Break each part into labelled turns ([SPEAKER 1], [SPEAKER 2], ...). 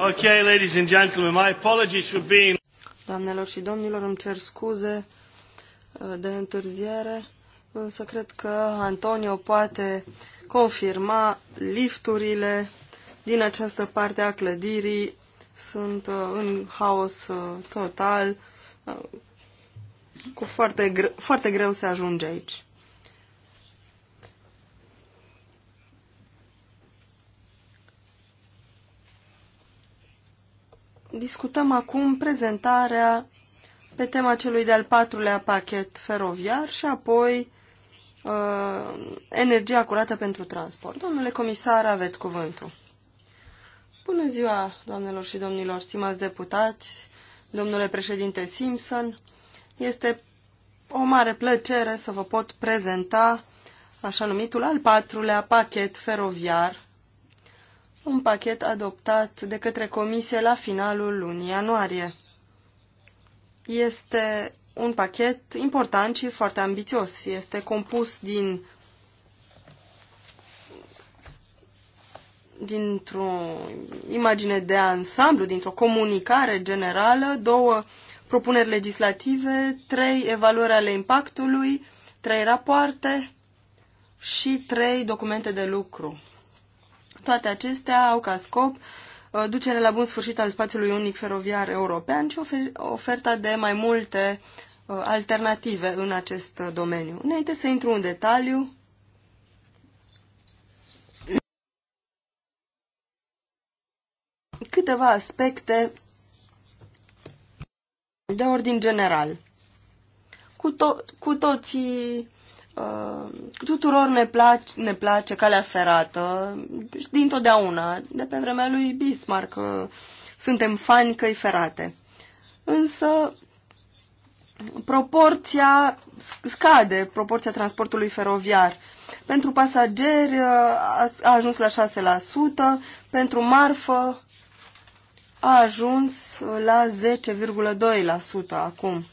[SPEAKER 1] Okay, ladies and gentlemen, my apologies for being... Doamnelor și domnilor, îmi cer scuze uh, de întârziere, însă cred că Antonio poate confirma lifturile din această parte a clădirii sunt uh, în haos uh, total, cu foarte, gre- foarte greu se ajunge aici. Discutăm acum prezentarea pe tema celui de-al patrulea pachet feroviar și apoi uh, energia curată pentru transport. Domnule comisar, aveți cuvântul. Bună ziua, doamnelor și domnilor, stimați deputați, domnule președinte Simpson. Este o mare plăcere să vă pot prezenta așa numitul al patrulea pachet feroviar un pachet adoptat de către Comisie la finalul lunii ianuarie. Este un pachet important și foarte ambițios. Este compus din dintr-o imagine de ansamblu, dintr-o comunicare generală, două propuneri legislative, trei evaluări ale impactului, trei rapoarte și trei documente de lucru. Toate acestea au ca scop uh, ducerea la bun sfârșit al spațiului unic feroviar european și oferta de mai multe uh, alternative în acest domeniu. Înainte să intru în detaliu, câteva aspecte de ordin general. Cu, to- cu toții Uh, tuturor ne place, ne place calea ferată dintotdeauna, de pe vremea lui Bismarck uh, suntem fani căi ferate. Însă proporția scade, proporția transportului feroviar. Pentru pasageri uh, a ajuns la 6%, pentru marfă a ajuns la 10,2% acum.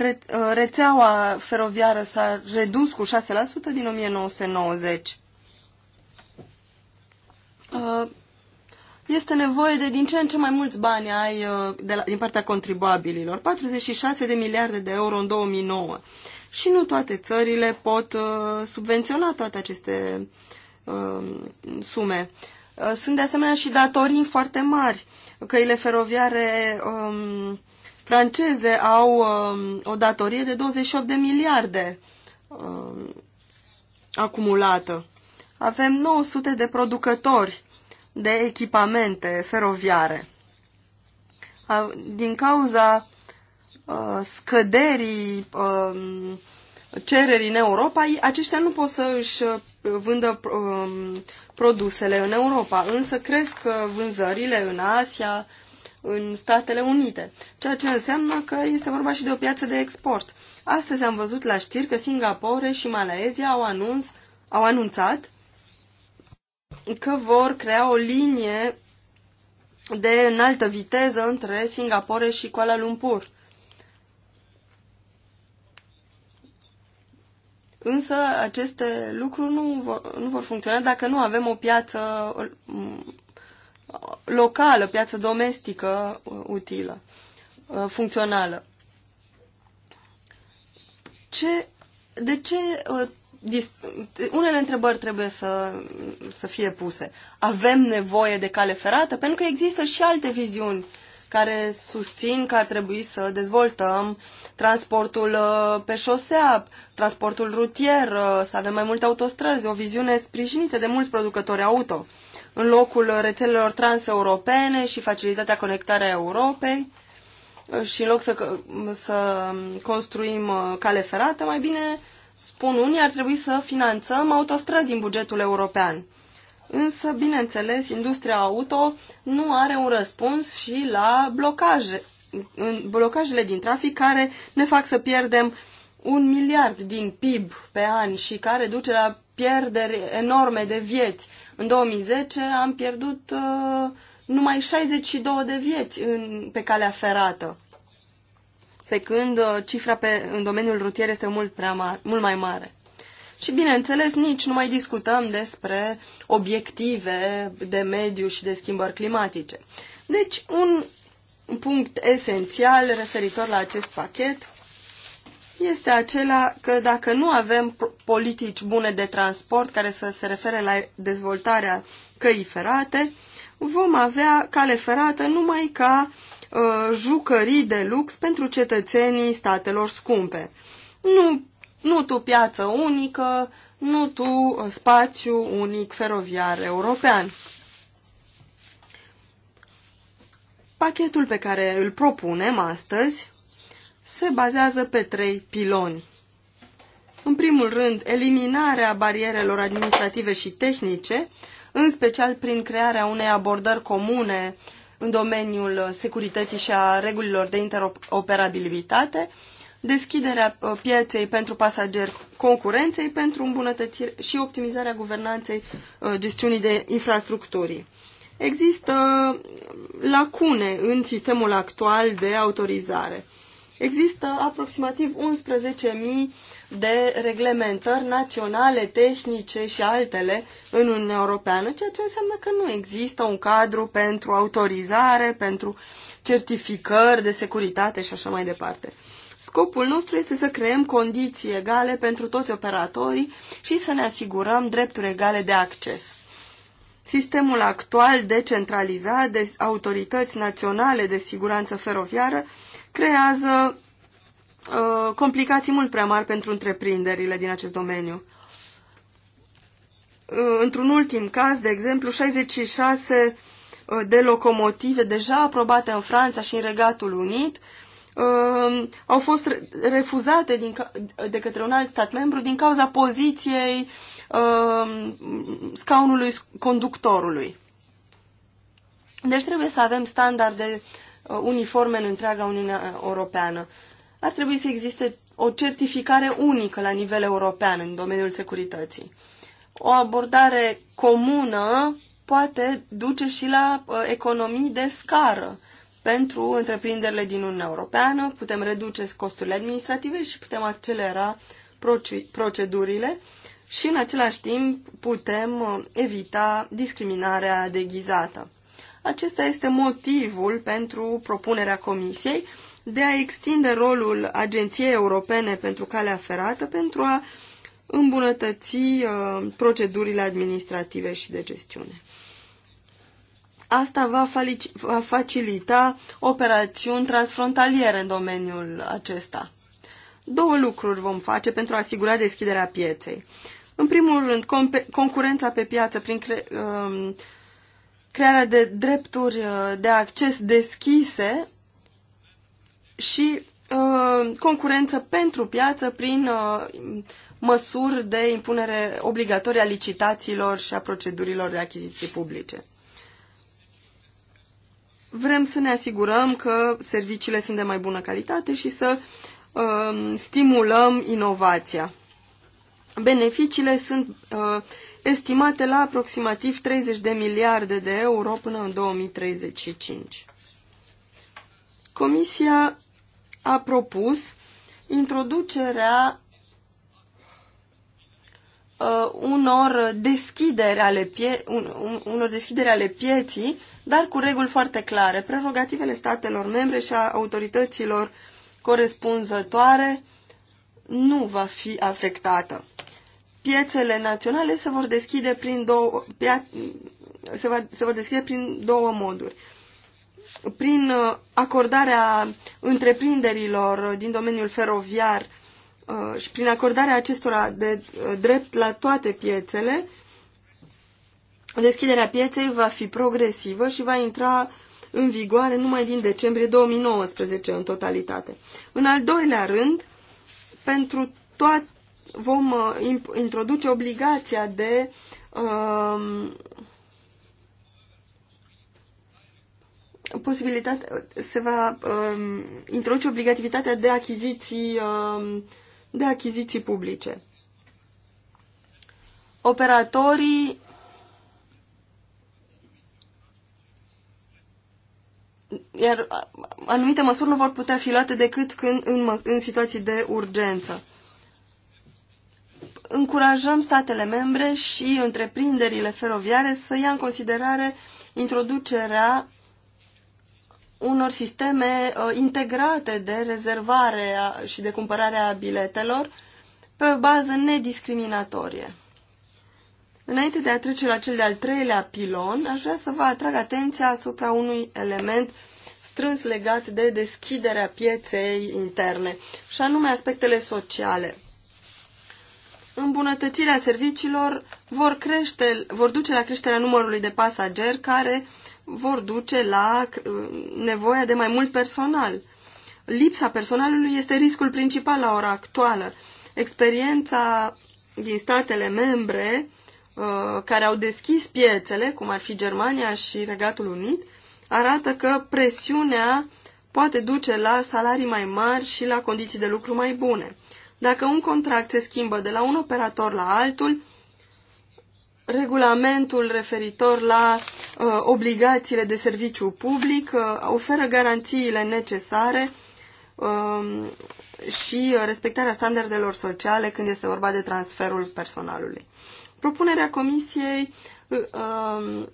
[SPEAKER 1] Uh, rețeaua feroviară s-a redus cu 6% din 1990. Uh, este nevoie de din ce în ce mai mulți bani ai uh, de la, din partea contribuabililor, 46 de miliarde de euro în 2009. Și nu toate țările pot subvenționa toate aceste sume. Sunt de asemenea și datorii foarte mari. Căile feroviare um, franceze au um, o datorie de 28 de miliarde um, acumulată. Avem 900 de producători de echipamente feroviare. Din cauza uh, scăderii uh, cererii în Europa, aceștia nu pot să își uh, vândă uh, produsele în Europa, însă cresc uh, vânzările în Asia, în Statele Unite, ceea ce înseamnă că este vorba și de o piață de export. Astăzi am văzut la știri că Singapore și Malaezia au, anunț, au anunțat că vor crea o linie de înaltă viteză între Singapore și Kuala Lumpur. Însă aceste lucruri nu vor, nu vor funcționa dacă nu avem o piață locală, piață domestică uh, utilă, uh, funcțională. Ce, de ce uh, unele întrebări trebuie să, să fie puse. Avem nevoie de cale ferată? Pentru că există și alte viziuni care susțin că ar trebui să dezvoltăm transportul pe șosea, transportul rutier, să avem mai multe autostrăzi, o viziune sprijinită de mulți producători auto în locul rețelelor transeuropene și facilitatea conectarea Europei și în loc să, să construim uh, cale ferată, mai bine, spun unii, ar trebui să finanțăm autostrăzi din bugetul european. Însă, bineînțeles, industria auto nu are un răspuns și la blocaje, blocajele din trafic care ne fac să pierdem un miliard din PIB pe an și care duce la pierderi enorme de vieți. În 2010 am pierdut uh, numai 62 de vieți în, pe calea ferată, pe când uh, cifra pe, în domeniul rutier este mult, prea mar, mult mai mare. Și bineînțeles, nici nu mai discutăm despre obiective de mediu și de schimbări climatice. Deci, un punct esențial referitor la acest pachet este acela că dacă nu avem politici bune de transport care să se refere la dezvoltarea căii ferate, vom avea cale ferată numai ca uh, jucării de lux pentru cetățenii statelor scumpe. Nu, nu tu piață unică, nu tu uh, spațiu unic feroviar european. Pachetul pe care îl propunem astăzi se bazează pe trei piloni. În primul rând, eliminarea barierelor administrative și tehnice, în special prin crearea unei abordări comune în domeniul securității și a regulilor de interoperabilitate, deschiderea uh, pieței pentru pasageri concurenței pentru îmbunătățire și optimizarea guvernanței uh, gestiunii de infrastructurii. Există uh, lacune în sistemul actual de autorizare. Există aproximativ 11.000 de reglementări naționale, tehnice și altele în Uniunea Europeană, ceea ce înseamnă că nu există un cadru pentru autorizare, pentru certificări de securitate și așa mai departe. Scopul nostru este să creăm condiții egale pentru toți operatorii și să ne asigurăm drepturi egale de acces. Sistemul actual decentralizat de autorități naționale de siguranță feroviară creează uh, complicații mult prea mari pentru întreprinderile din acest domeniu. Uh, Într-un ultim caz, de exemplu, 66 uh, de locomotive deja aprobate în Franța și în Regatul Unit uh, au fost refuzate din, de către un alt stat membru din cauza poziției uh, scaunului conductorului. Deci trebuie să avem standarde Uh, uniforme în întreaga Uniunea Europeană. Ar trebui să existe o certificare unică la nivel european în domeniul securității. O abordare comună poate duce și la uh, economii de scară. Pentru întreprinderile din Uniunea Europeană putem reduce costurile administrative și putem accelera procedurile și în același timp putem uh, evita discriminarea deghizată. Acesta este motivul pentru propunerea Comisiei de a extinde rolul Agenției Europene pentru Calea Ferată pentru a îmbunătăți uh, procedurile administrative și de gestiune. Asta va, va facilita operațiuni transfrontaliere în domeniul acesta. Două lucruri vom face pentru a asigura deschiderea pieței. În primul rând, concurența pe piață prin uh, crearea de drepturi uh, de acces deschise și uh, concurență pentru piață prin uh, măsuri de impunere obligatorie a licitațiilor și a procedurilor de achiziții publice. Vrem să ne asigurăm că serviciile sunt de mai bună calitate și să uh, stimulăm inovația. Beneficiile sunt uh, estimate la aproximativ 30 de miliarde de euro până în 2035. Comisia a propus introducerea uh, unor, deschidere ale pie- un, un, unor deschidere ale pieții, dar cu reguli foarte clare. Prerogativele statelor membre și a autorităților corespunzătoare nu va fi afectată piețele naționale se vor deschide prin două, se, va, se vor deschide prin două moduri. Prin uh, acordarea întreprinderilor din domeniul feroviar uh, și prin acordarea acestora de uh, drept la toate piețele, deschiderea pieței va fi progresivă și va intra în vigoare numai din decembrie 2019 în totalitate. În al doilea rând, pentru toate vom uh, introduce obligația de uh, posibilitate se va uh, introduce obligativitatea de achiziții, uh, de achiziții publice. Operatorii iar anumite măsuri nu vor putea fi luate decât când, în, în situații de urgență încurajăm statele membre și întreprinderile feroviare să ia în considerare introducerea unor sisteme uh, integrate de rezervare și de cumpărare a biletelor pe bază nediscriminatorie. Înainte de a trece la cel de-al treilea pilon, aș vrea să vă atrag atenția asupra unui element strâns legat de deschiderea pieței interne, și anume aspectele sociale îmbunătățirea serviciilor vor, crește, vor duce la creșterea numărului de pasageri care vor duce la uh, nevoia de mai mult personal. Lipsa personalului este riscul principal la ora actuală. Experiența din statele membre uh, care au deschis piețele, cum ar fi Germania și Regatul Unit, arată că presiunea poate duce la salarii mai mari și la condiții de lucru mai bune. Dacă un contract se schimbă de la un operator la altul, regulamentul referitor la uh, obligațiile de serviciu public uh, oferă garanțiile necesare uh, și respectarea standardelor sociale când este vorba de transferul personalului. Propunerea Comisiei uh, um,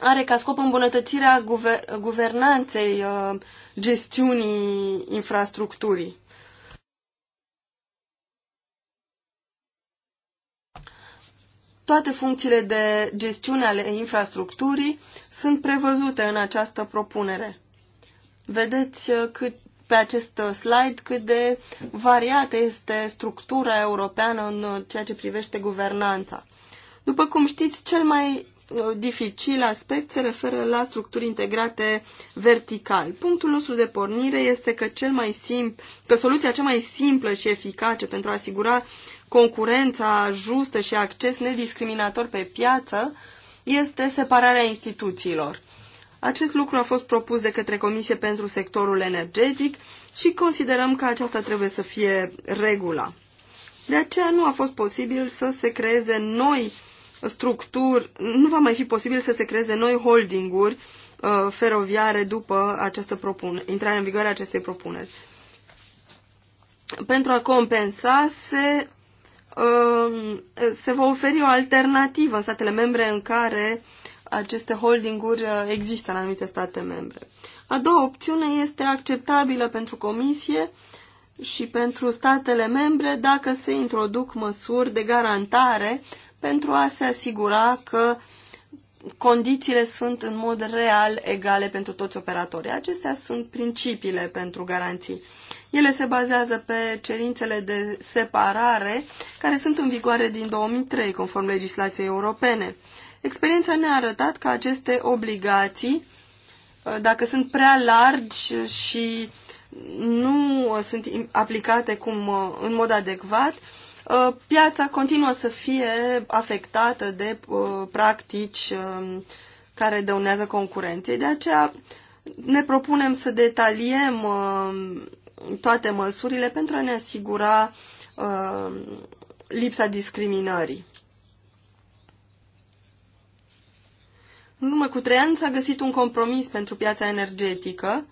[SPEAKER 1] are ca scop îmbunătățirea guver guvernanței uh, gestiunii infrastructurii. Toate funcțiile de gestiune ale infrastructurii sunt prevăzute în această propunere. Vedeți uh, cât pe acest uh, slide cât de variată este structura europeană în uh, ceea ce privește guvernanța. După cum știți, cel mai dificil aspect se referă la structuri integrate vertical. Punctul nostru de pornire este că, cel mai simpl, că soluția cea mai simplă și eficace pentru a asigura concurența justă și acces nediscriminator pe piață este separarea instituțiilor. Acest lucru a fost propus de către Comisie pentru sectorul energetic și considerăm că aceasta trebuie să fie regula. De aceea nu a fost posibil să se creeze noi structuri, nu va mai fi posibil să se creeze noi holdinguri uh, feroviare după această propunere, intrarea în vigoare a acestei propuneri. Pentru a compensa se Um, se va oferi o alternativă în statele membre în care aceste holdinguri uh, există în anumite state membre. A doua opțiune este acceptabilă pentru Comisie și pentru statele membre dacă se introduc măsuri de garantare pentru a se asigura că condițiile sunt în mod real egale pentru toți operatorii. Acestea sunt principiile pentru garanții. Ele se bazează pe cerințele de separare care sunt în vigoare din 2003 conform legislației europene. Experiența ne-a arătat că aceste obligații, uh, dacă sunt prea largi și nu uh, sunt aplicate cum, uh, în mod adecvat, piața continuă să fie afectată de practici um, care dăunează concurenței. De aceea ne propunem să detaliem um, toate măsurile pentru a ne asigura uh, lipsa discriminării. În urmă cu trei ani s-a găsit un compromis pentru piața energetică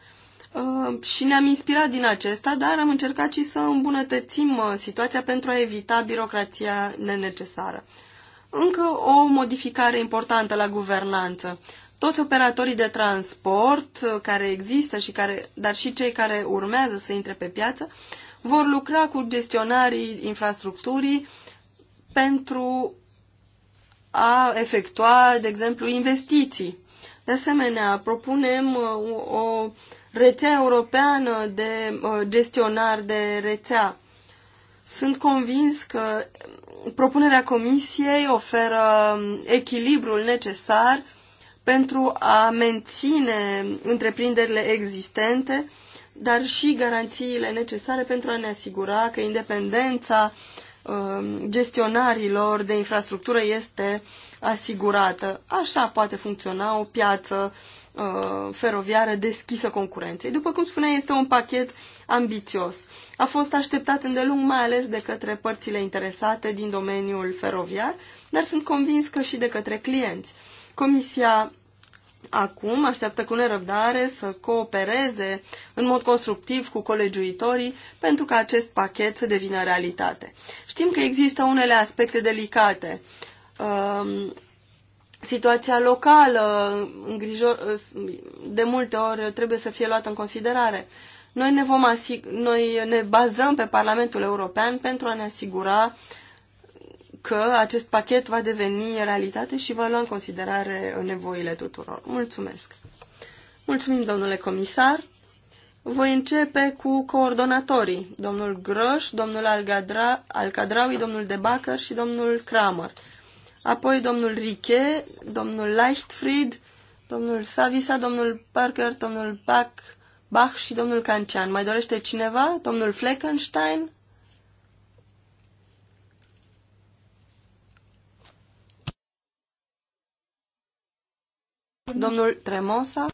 [SPEAKER 1] uh, și ne-am inspirat din acesta, dar am încercat și să îmbunătățim uh, situația pentru a evita birocrația nenecesară. Încă o modificare importantă la guvernanță toți operatorii de transport uh, care există, și care, dar și cei care urmează să intre pe piață, vor lucra cu gestionarii infrastructurii pentru a efectua, de exemplu, investiții. De asemenea, propunem uh, o rețea europeană de uh, gestionari de rețea. Sunt convins că propunerea Comisiei oferă um, echilibrul necesar pentru a menține întreprinderile existente, dar și garanțiile necesare pentru a ne asigura că independența um, gestionarilor de infrastructură este asigurată. Așa poate funcționa o piață uh, feroviară deschisă concurenței. După cum spunea, este un pachet ambițios. A fost așteptat îndelung, mai ales de către părțile interesate din domeniul feroviar, dar sunt convins că și de către clienți. Comisia acum așteaptă cu nerăbdare să coopereze în mod constructiv cu colegiuitorii pentru ca acest pachet să devină realitate. Știm că există unele aspecte delicate. Um, situația locală îngrijor, de multe ori trebuie să fie luată în considerare. Noi ne, vom asig- noi ne bazăm pe Parlamentul European pentru a ne asigura uh, că acest pachet va deveni realitate și va lua în considerare nevoile tuturor. Mulțumesc! Mulțumim, domnule comisar! Voi începe cu coordonatorii, domnul Grăș, domnul Alcadra, Alcadraui, domnul Debacăr și domnul Kramer. Apoi domnul Riche, domnul Leichtfried, domnul Savisa, domnul Parker, domnul Bach, Bach și domnul Cancian. Mai dorește cineva? Domnul Fleckenstein? Domnul Tremosa.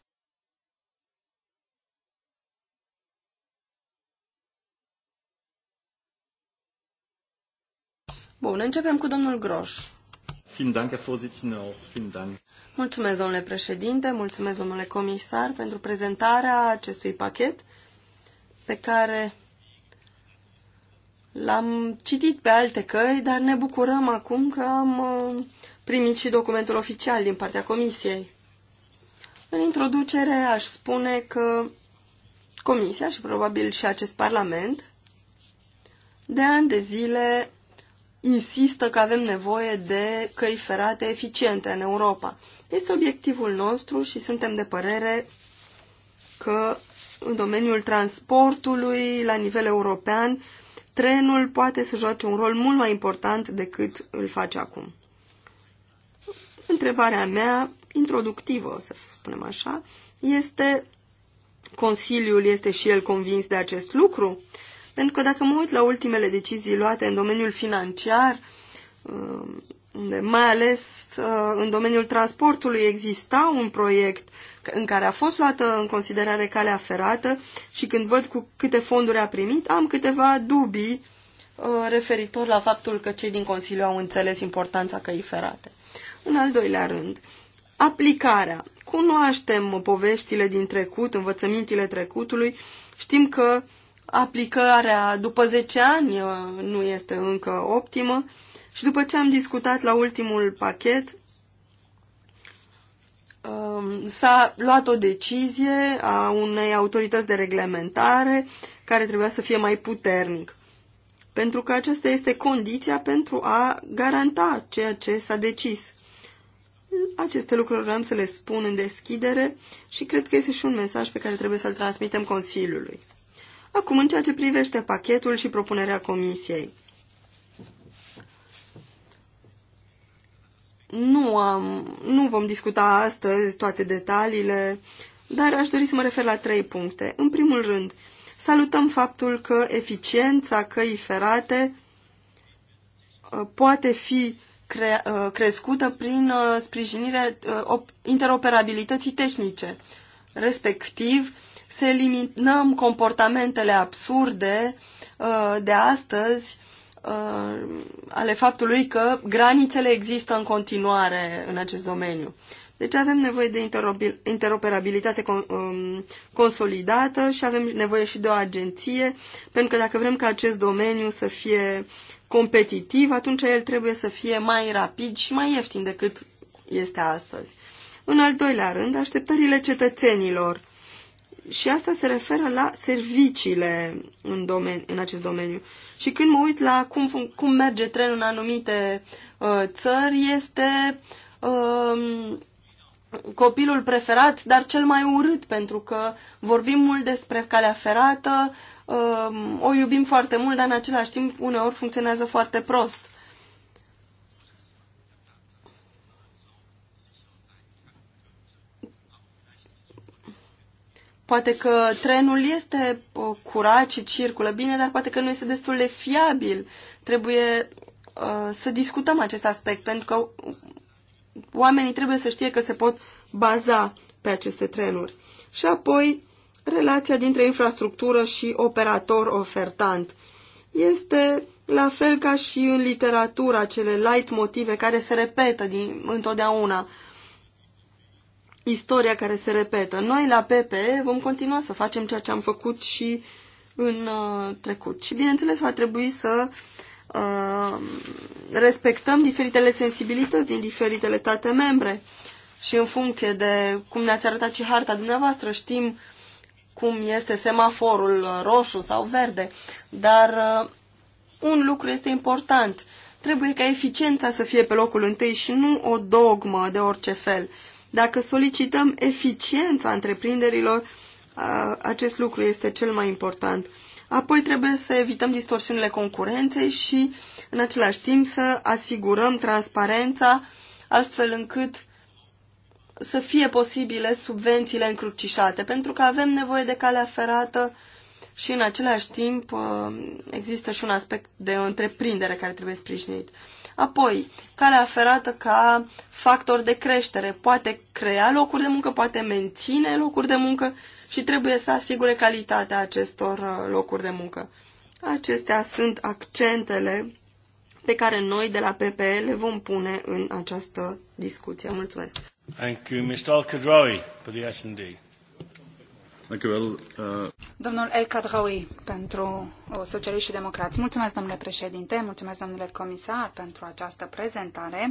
[SPEAKER 1] Bun, începem cu domnul Groș. Mulțumesc, domnule președinte, mulțumesc, domnule comisar, pentru prezentarea acestui pachet pe care l-am citit pe alte căi, dar ne bucurăm acum că am uh, primit și documentul oficial din partea comisiei. În introducere aș spune că Comisia și probabil și acest Parlament de ani de zile insistă că avem nevoie de căi ferate eficiente în Europa. Este obiectivul nostru și suntem de părere că în domeniul transportului la nivel european trenul poate să joace un rol mult mai important decât îl face acum. Întrebarea mea introductivă, să spunem așa, este Consiliul este și el convins de acest lucru? Pentru că dacă mă uit la ultimele decizii luate în domeniul financiar, um, mai ales uh, în domeniul transportului, exista un proiect în care a fost luată în considerare calea ferată și când văd cu câte fonduri a primit, am câteva dubii uh, referitor la faptul că cei din Consiliu au înțeles importanța căii ferate. În al doilea rând, Aplicarea. Cunoaștem poveștile din trecut, învățămintile trecutului. Știm că aplicarea după 10 ani uh, nu este încă optimă și după ce am discutat la ultimul pachet, um, s-a luat o decizie a unei autorități de reglementare care trebuia să fie mai puternic. Pentru că aceasta este condiția pentru a garanta ceea ce s-a decis. Aceste lucruri vreau să le spun în deschidere și cred că este și un mesaj pe care trebuie să-l transmitem Consiliului. Acum, în ceea ce privește pachetul și propunerea Comisiei. Nu, am, nu vom discuta astăzi toate detaliile, dar aș dori să mă refer la trei puncte. În primul rând, salutăm faptul că eficiența căii ferate uh, poate fi cre uh, crescută prin uh, sprijinirea uh, interoperabilității tehnice. Respectiv, să eliminăm comportamentele absurde de astăzi ale faptului că granițele există în continuare în acest domeniu. Deci avem nevoie de interoperabilitate um, consolidată și avem nevoie și de o agenție, pentru că dacă vrem ca acest domeniu să fie competitiv, atunci el trebuie să fie mai rapid și mai ieftin decât este astăzi. În al doilea rând, așteptările cetățenilor. Și asta se referă la serviciile în, domeni, în acest domeniu. Și când mă uit la cum, cum merge trenul în anumite uh, țări, este uh, copilul preferat, dar cel mai urât, pentru că vorbim mult despre calea ferată, um, o iubim foarte mult, dar în același timp uneori funcționează foarte prost. Poate că trenul este uh, curat și circulă bine, dar poate că nu este destul de fiabil. Trebuie uh, să discutăm acest aspect, pentru că oamenii trebuie să știe că se pot baza pe aceste trenuri. Și apoi, relația dintre infrastructură și operator-ofertant. Este la fel ca și în literatura, cele light motive care se repetă din, întotdeauna. Istoria care se repetă. Noi la PP vom continua să facem ceea ce am făcut și în uh, trecut. Și bineînțeles va trebui să Uh, respectăm diferitele sensibilități din diferitele state membre și în funcție de cum ne-ați arătat și harta dumneavoastră, știm cum este semaforul uh, roșu sau verde, dar uh, un lucru este important. Trebuie ca eficiența să fie pe locul întâi și nu o dogmă de orice fel. Dacă solicităm eficiența întreprinderilor, uh, acest lucru este cel mai important. Apoi trebuie să evităm distorsiunile concurenței și, în același timp, să asigurăm transparența astfel încât să fie posibile subvențiile încrucișate, pentru că avem nevoie de calea ferată și, în același timp, uh, există și un aspect de întreprindere care trebuie sprijinit. Apoi, calea ferată ca factor de creștere poate crea locuri de muncă, poate menține locuri de muncă și trebuie să asigure calitatea acestor uh, locuri de muncă. Acestea sunt accentele pe care noi de la PPE le vom pune în această discuție. Mulțumesc! Thank you, Mr. Al-Kadrawi, for the S&D. Uh,
[SPEAKER 2] Domnul El Kadraoui pentru uh, Socialiști și Democrați. Mulțumesc, domnule președinte, mulțumesc, domnule comisar, pentru această prezentare.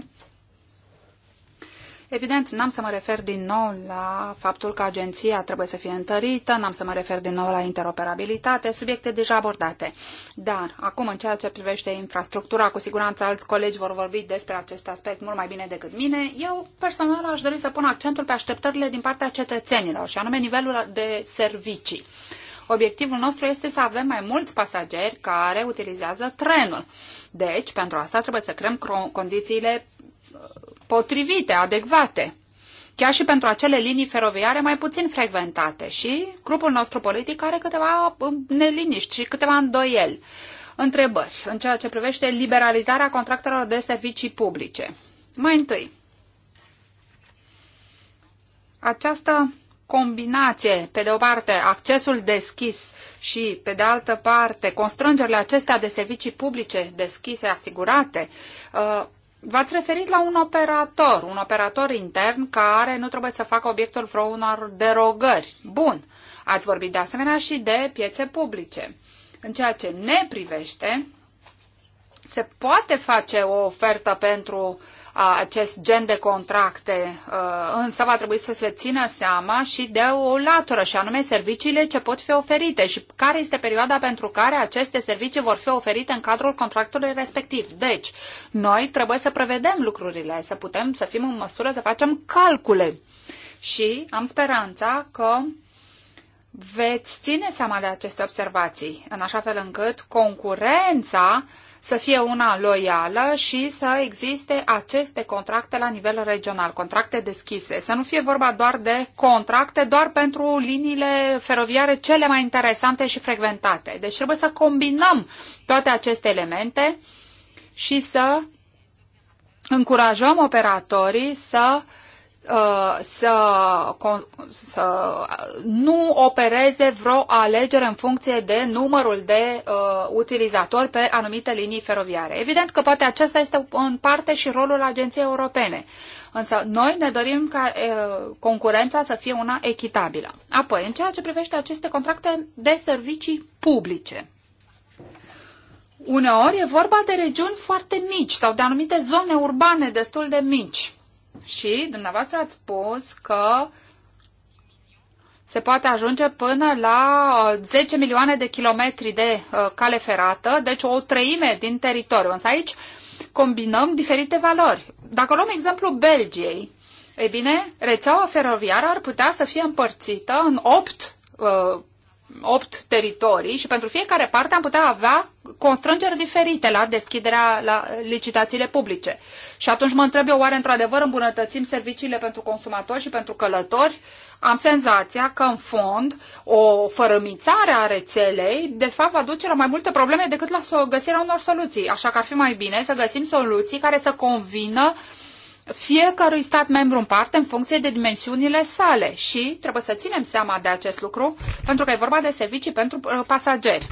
[SPEAKER 2] Evident, n-am să mă refer din nou la faptul că agenția trebuie să fie întărită, n-am să mă refer din nou la interoperabilitate, subiecte deja abordate. Dar, acum, în ceea ce privește infrastructura, cu siguranță alți colegi vor vorbi despre acest aspect mult mai bine decât mine. Eu, personal, aș dori să pun accentul pe așteptările din partea cetățenilor, și anume nivelul de servicii. Obiectivul nostru este să avem mai mulți pasageri care utilizează trenul. Deci, pentru asta trebuie să creăm condițiile potrivite, adecvate chiar și pentru acele linii feroviare mai puțin frecventate și grupul nostru politic are câteva um, neliniști și câteva îndoieli, întrebări în ceea ce privește liberalizarea contractelor de servicii publice. Mai întâi, această combinație, pe de o parte, accesul deschis și, pe de altă parte, constrângerile acestea de servicii publice deschise, asigurate, uh, V-ați referit la un operator, un operator intern care nu trebuie să facă obiectul vreo unor derogări. Bun. Ați vorbit de asemenea și de piețe publice. În ceea ce ne privește, se poate face o ofertă pentru uh, acest gen de contracte, uh, însă va trebui să se țină seama și de o latură, și anume serviciile ce pot fi oferite și care este perioada pentru care aceste servicii vor fi oferite în cadrul contractului respectiv. Deci, noi trebuie să prevedem lucrurile, să putem să fim în măsură să facem calcule. Și am speranța că veți ține seama de aceste observații, în așa fel încât concurența uh, să fie una loială și să existe aceste contracte la nivel regional, contracte deschise. Să nu fie vorba doar de contracte, doar pentru liniile feroviare cele mai interesante și frecventate. Deci trebuie să combinăm toate aceste elemente și să încurajăm operatorii să uh, Uh, să, să nu opereze vreo alegere în funcție de numărul de uh, utilizatori pe anumite linii feroviare. Evident că poate acesta este în parte și rolul agenției europene, însă noi ne dorim ca uh, concurența să fie una echitabilă. Apoi, în ceea ce privește aceste contracte de servicii publice, uneori e vorba de regiuni foarte mici sau de anumite zone urbane destul de mici și dumneavoastră ați spus că se poate ajunge până la 10 uh, milioane de kilometri de uh, cale ferată, deci o treime din teritoriu. Însă aici combinăm diferite valori. Dacă luăm exemplu Belgiei, e bine, rețeaua feroviară ar putea să fie împărțită în 8 uh, opt teritorii și pentru fiecare parte am putea avea constrângeri diferite la deschiderea la licitațiile publice. Și atunci mă întreb eu, oare într-adevăr îmbunătățim serviciile pentru consumatori și pentru călători? Am senzația că, în fond, o fărâmițare a rețelei, de fapt, va duce la mai multe probleme decât la găsirea unor soluții. Așa că ar fi mai bine să găsim soluții care să convină uh, fiecărui stat membru în parte în funcție de dimensiunile sale și trebuie să ținem seama de acest lucru pentru că e vorba de servicii pentru uh, pasageri.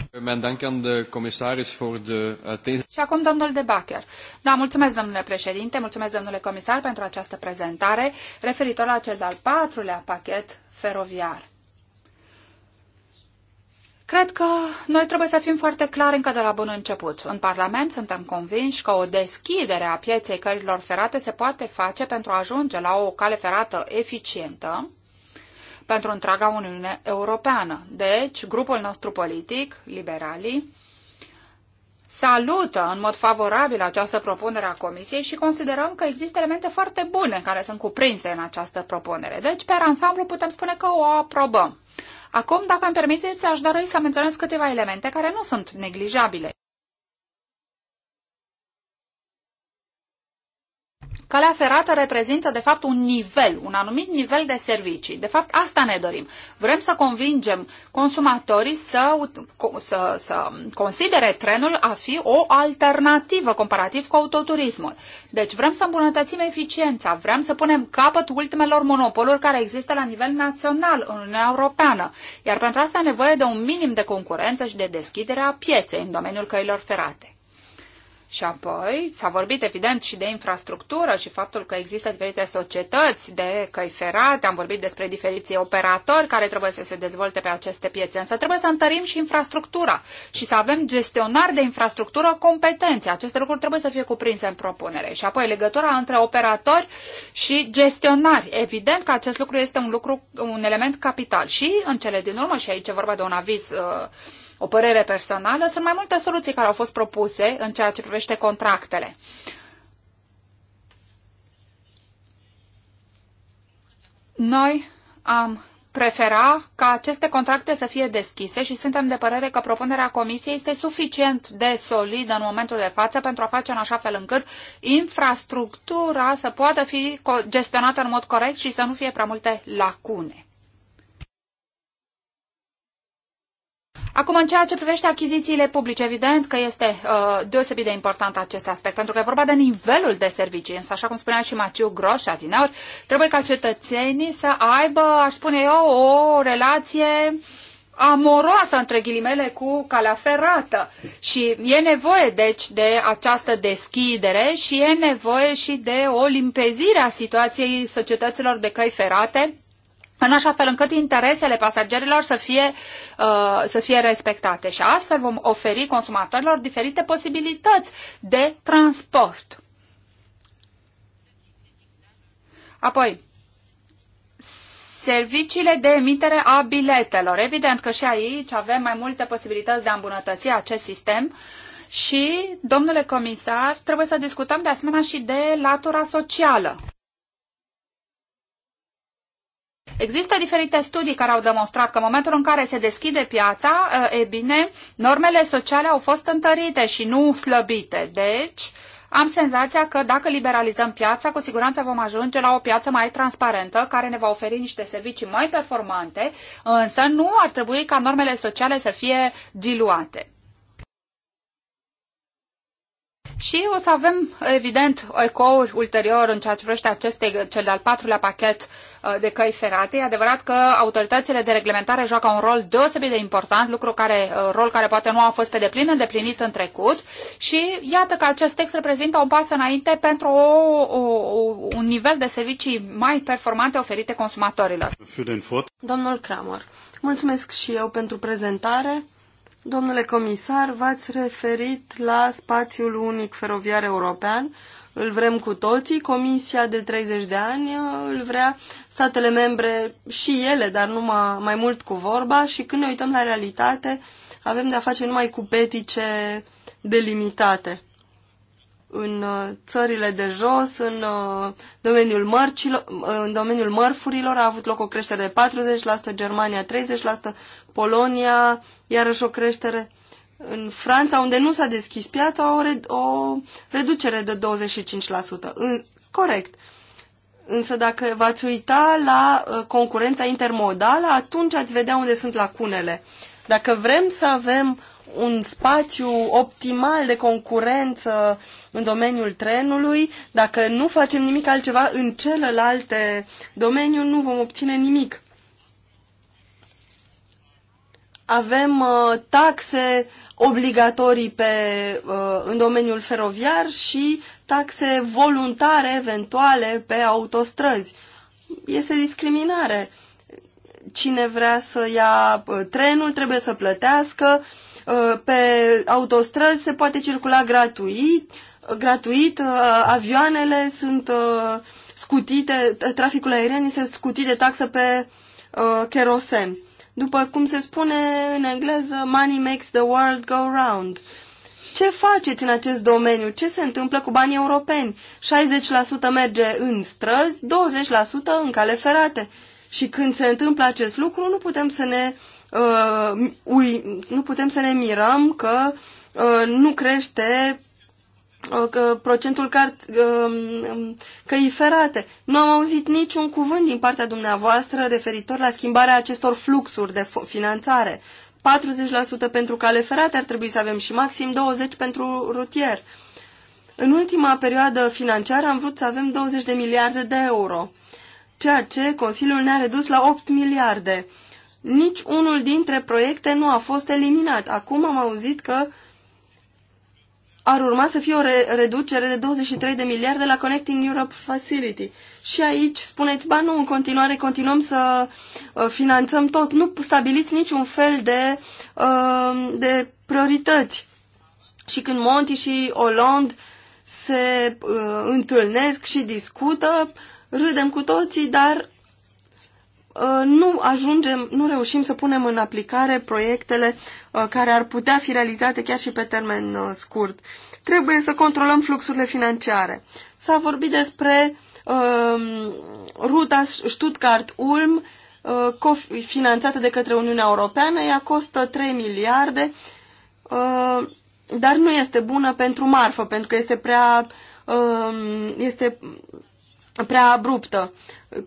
[SPEAKER 2] Și acum domnul de Bacher. Da, mulțumesc domnule președinte, mulțumesc domnule comisar pentru această prezentare referitor la cel de-al patrulea pachet feroviar. Cred că noi trebuie să fim foarte clari încă de la bun început. În Parlament suntem convinși că o deschidere a pieței cărilor ferate se poate face pentru a ajunge la o cale ferată eficientă pentru întreaga Uniune Europeană. Deci, grupul nostru politic, liberalii, salută în mod favorabil această propunere a Comisiei și considerăm că există elemente foarte bune care sunt cuprinse în această propunere. Deci, pe ansamblu, putem spune că o aprobăm. Acum, dacă îmi permiteți, aș dori să menționez câteva elemente care nu sunt neglijabile. Calea ferată reprezintă, de fapt, un nivel, un anumit nivel de servicii. De fapt, asta ne dorim. Vrem să convingem consumatorii să, să, să considere trenul a fi o alternativă comparativ cu autoturismul. Deci vrem să îmbunătățim eficiența, vrem să punem capăt ultimelor monopoluri care există la nivel național în Uniunea Europeană. Iar pentru asta e nevoie de un minim de concurență și de deschidere a pieței în domeniul căilor ferate. Și apoi s-a vorbit evident și de infrastructură și faptul că există diferite societăți de căi ferate, am vorbit despre diferiții operatori care trebuie să se dezvolte pe aceste piețe, însă trebuie să întărim și infrastructura și să avem gestionari de infrastructură competenți. Aceste lucruri trebuie să fie cuprinse în propunere. Și apoi legătura între operatori și gestionari. Evident că acest lucru este un, lucru, un element capital. Și în cele din urmă, și aici e vorba de un aviz uh, o părere personală, sunt mai multe soluții care au fost propuse în ceea ce privește contractele. Noi am prefera ca aceste contracte să fie deschise și suntem de părere că propunerea Comisiei este suficient de solidă în momentul de față pentru a face în așa fel încât infrastructura să poată fi gestionată în mod corect și să nu fie prea multe lacune. Acum, în ceea ce privește achizițiile publice, evident că este uh, deosebit de important acest aspect, pentru că e vorba de nivelul de servicii, însă, așa cum spunea și Maciu Groș adineori, trebuie ca cetățenii să aibă, aș spune eu, o relație amoroasă, între ghilimele, cu calea ferată. Și e nevoie, deci, de această deschidere și e nevoie și de o limpezire a situației societăților de căi ferate, în așa fel încât interesele pasagerilor să fie, uh, să fie respectate. Și astfel vom oferi consumatorilor diferite posibilități de transport. Apoi, serviciile de emitere a biletelor. Evident că și aici avem mai multe posibilități de a îmbunătăți acest sistem și, domnule comisar, trebuie să discutăm de asemenea și de latura socială. Există diferite studii care au demonstrat că în momentul în care se deschide piața, eh, e bine, normele sociale au fost întărite și nu slăbite. Deci, am senzația că dacă liberalizăm piața, cu siguranță vom ajunge la o piață mai transparentă, care ne va oferi niște servicii mai performante, însă nu ar trebui ca normele sociale să fie diluate. Și o să avem, evident, ecouri ulterior în ceea ce privește aceste, cel de-al patrulea pachet uh, de căi ferate. E adevărat că autoritățile de reglementare joacă un rol deosebit de important, lucru care, uh, rol care poate nu a fost pe deplin îndeplinit în trecut și iată că acest text reprezintă un pas înainte pentru o, o,
[SPEAKER 1] un nivel de servicii mai performante oferite consumatorilor. Domnul Kramer, mulțumesc și eu pentru prezentare. Domnule comisar, v-ați referit la spațiul unic feroviar european. Îl vrem cu toții. Comisia de 30 de ani uh, îl vrea. Statele membre și ele, dar numai mai mult cu vorba. Și când ne uităm la realitate, avem de-a face numai cu petice delimitate în uh, țările de jos, în uh, domeniul, mărcilor, uh, în domeniul mărfurilor a avut loc o creștere de 40%, Germania 30%, Polonia iarăși o creștere. În Franța, unde nu s-a deschis piața, o, red- o reducere de 25%. În, corect. Însă dacă v-ați uita la concurența intermodală, atunci ați vedea unde sunt lacunele. Dacă vrem să avem un spațiu optimal de concurență în domeniul trenului, dacă nu facem nimic altceva în celelalte domeniu, nu vom obține nimic. Avem uh, taxe obligatorii pe, uh, în domeniul feroviar și taxe voluntare eventuale pe autostrăzi. Este discriminare. Cine vrea să ia uh, trenul trebuie să plătească uh, Uh, pe autostrăzi se poate circula gratuit, gratuit uh, avioanele sunt uh, scutite, traficul aerian este scutit de taxă pe kerosen. După cum se spune în engleză, money makes the world go round. Ce faceți în acest domeniu? Ce se întâmplă cu banii europeni? 60% merge în străzi, 20% în cale ferate. Și când se întâmplă acest lucru, nu putem să ne uh, uh, ui, nu putem să ne mirăm că uh, nu crește uh, că procentul car, uh, um, um, căi ferate. Nu am auzit niciun cuvânt din partea dumneavoastră referitor la schimbarea acestor fluxuri de finanțare. 40% pentru cale ferate ar trebui să avem și maxim 20% pentru rutier. În ultima perioadă financiară am vrut să avem 20 de miliarde de euro, ceea ce Consiliul ne-a redus la 8 miliarde. Uh, nici unul dintre proiecte nu a fost eliminat. Acum am auzit că ar urma să fie o re reducere de 23 de miliarde la Connecting Europe Facility. Și aici spuneți, ba nu, în continuare continuăm să uh, finanțăm tot. Nu stabiliți niciun fel de, uh, de priorități. Și când Monti și Hollande se uh, întâlnesc și discută, râdem cu toții, dar Uh, nu ajungem, nu reușim să punem în aplicare proiectele uh, care ar putea fi realizate chiar și pe termen uh, scurt. Trebuie să controlăm fluxurile financiare. S-a vorbit despre uh, ruta Stuttgart-Ulm, uh, finanțată de către Uniunea Europeană. Ea costă 3 miliarde, uh, dar nu este bună pentru marfă, pentru că este prea um, este prea abruptă.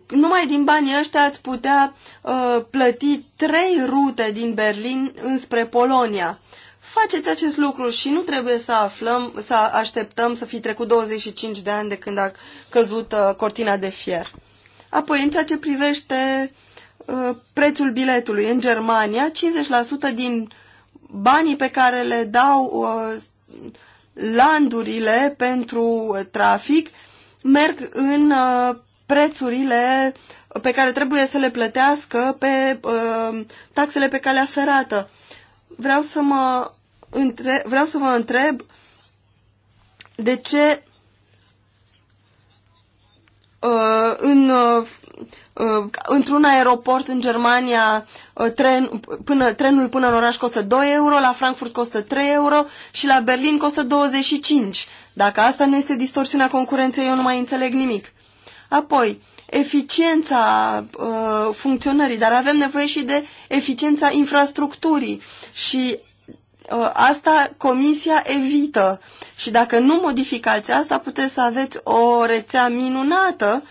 [SPEAKER 1] Numai din banii ăștia ați putea uh, plăti trei rute din Berlin înspre Polonia. Faceți acest lucru și nu trebuie să aflăm, să așteptăm să fi trecut 25 de ani de când a căzut uh, cortina de fier. Apoi, în ceea ce privește uh, prețul biletului în Germania, 50% din banii pe care le dau uh, landurile pentru trafic merg în uh, prețurile pe care trebuie să le plătească pe uh, taxele pe calea ferată. Vreau să mă între, vreau să vă întreb de ce uh, în Uh, într-un aeroport în Germania uh, tren, până, trenul până în oraș costă 2 euro, la Frankfurt costă 3 euro și la Berlin costă 25. Dacă asta nu este distorsiunea concurenței, eu nu mai înțeleg nimic. Apoi, eficiența uh, funcționării, dar avem nevoie și de eficiența infrastructurii și uh, asta comisia evită. Și dacă nu modificați asta, puteți să aveți o rețea minunată,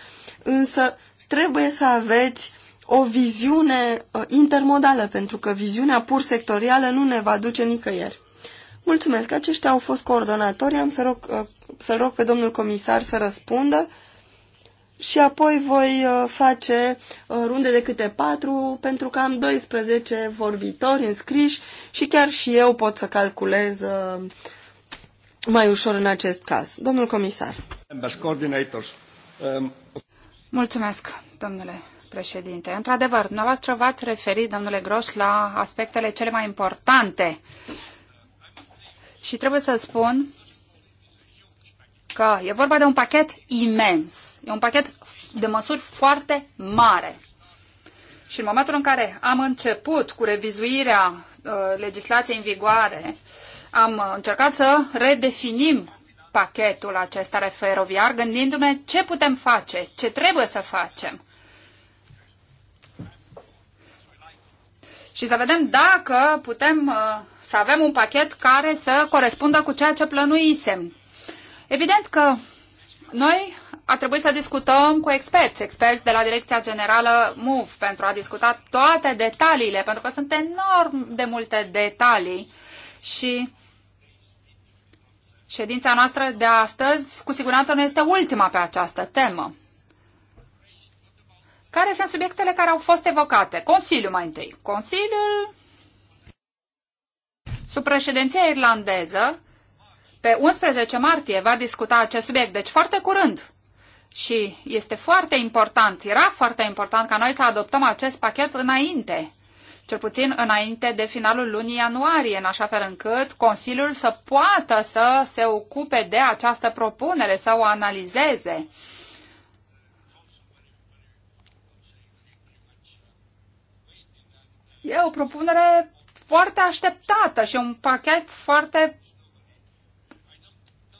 [SPEAKER 1] însă trebuie să aveți o viziune uh, intermodală, pentru că viziunea pur sectorială nu ne va duce nicăieri. Mulțumesc, aceștia au fost coordonatori, am să rog, uh, să rog pe domnul comisar să răspundă și apoi voi uh, face runde de câte patru, pentru că am 12 vorbitori înscriși și chiar și eu pot să calculez mai ușor în acest caz. Domnul comisar.
[SPEAKER 3] Members, coordinators, um,
[SPEAKER 2] Mulțumesc, domnule președinte. Într-adevăr, dumneavoastră v-ați referit, domnule Groș, la aspectele cele mai importante. Și trebuie să spun că e vorba de un pachet imens. E un pachet de măsuri foarte mare. Și în momentul în care am început cu revizuirea uh, legislației în vigoare, am încercat să redefinim pachetul acesta feroviar, gândindu-ne ce putem face, ce trebuie să facem. Și să vedem dacă putem uh, să avem un pachet care să corespundă cu ceea ce plănuisem. Evident că noi a trebuit să discutăm cu experți, experți de la Direcția Generală MUV, pentru a discuta toate detaliile, pentru că sunt enorm de multe detalii și Ședința noastră de astăzi cu siguranță nu este ultima pe această temă. Care sunt subiectele care au fost evocate? Consiliul mai întâi. Consiliul sub președinția irlandeză pe 11 martie va discuta acest subiect, deci foarte curând. Și este foarte important, era foarte important ca noi să adoptăm acest pachet înainte cel puțin înainte de finalul lunii ianuarie, în așa fel încât Consiliul să poată să se ocupe de această propunere, să o analizeze. E o propunere foarte așteptată și un pachet foarte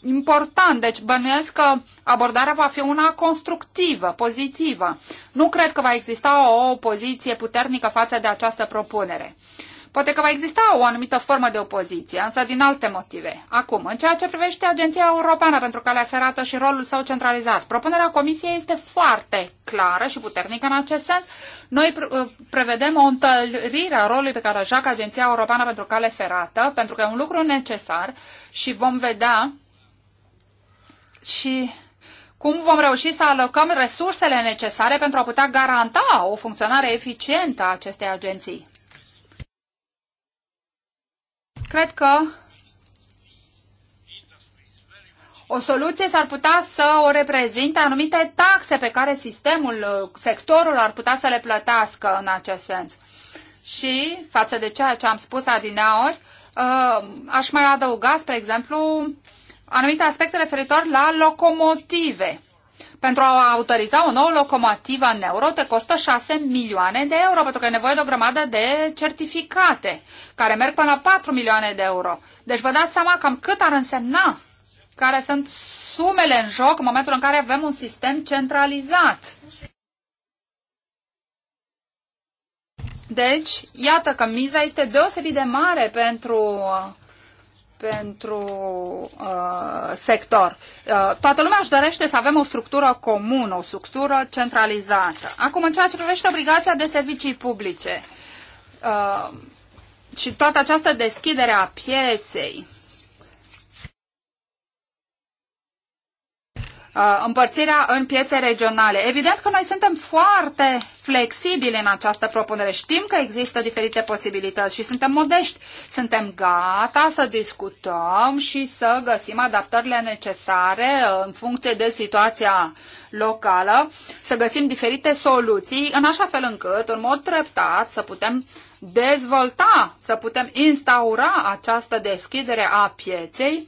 [SPEAKER 2] important. Deci bănuiesc că abordarea va fi una constructivă, pozitivă. Nu cred că va exista o opoziție puternică față de această propunere. Poate că va exista o anumită formă de opoziție, însă din alte motive. Acum, în ceea ce privește Agenția Europeană pentru Calea Ferată și rolul său centralizat, propunerea Comisiei este foarte clară și puternică în acest sens. Noi uh, prevedem o întărire a rolului pe care îl joacă Agenția Europeană pentru Cale Ferată, pentru că e un lucru necesar și vom vedea și cum vom reuși să alocăm resursele necesare pentru a putea garanta o funcționare eficientă a acestei agenții. Cred că o soluție s-ar putea să o reprezinte anumite taxe pe care sistemul, sectorul ar putea să le plătească în acest sens. Și față de ceea ce am spus adineori, uh, aș mai adăuga, spre exemplu, anumite aspecte referitor la locomotive. Pentru a autoriza o nouă locomotivă în euro te costă 6 milioane de euro, pentru că e nevoie de o grămadă de certificate, care merg până la 4 milioane de euro. Deci vă dați seama cam cât ar însemna care sunt sumele în joc în momentul în care avem un sistem centralizat. Deci, iată că miza este deosebit de mare pentru pentru uh, sector. Uh, toată lumea își dorește să avem o structură comună, o structură centralizată. Acum, în ceea ce privește obligația de servicii publice uh, și toată această deschidere a pieței, uh, Uh, împărțirea în piețe regionale. Evident că noi suntem foarte flexibili în această propunere. Știm că există diferite posibilități și suntem modești. Suntem gata să discutăm și să găsim adaptările necesare în funcție de situația locală, să găsim diferite soluții în așa fel încât, în mod treptat, să putem dezvolta, să putem instaura această deschidere a pieței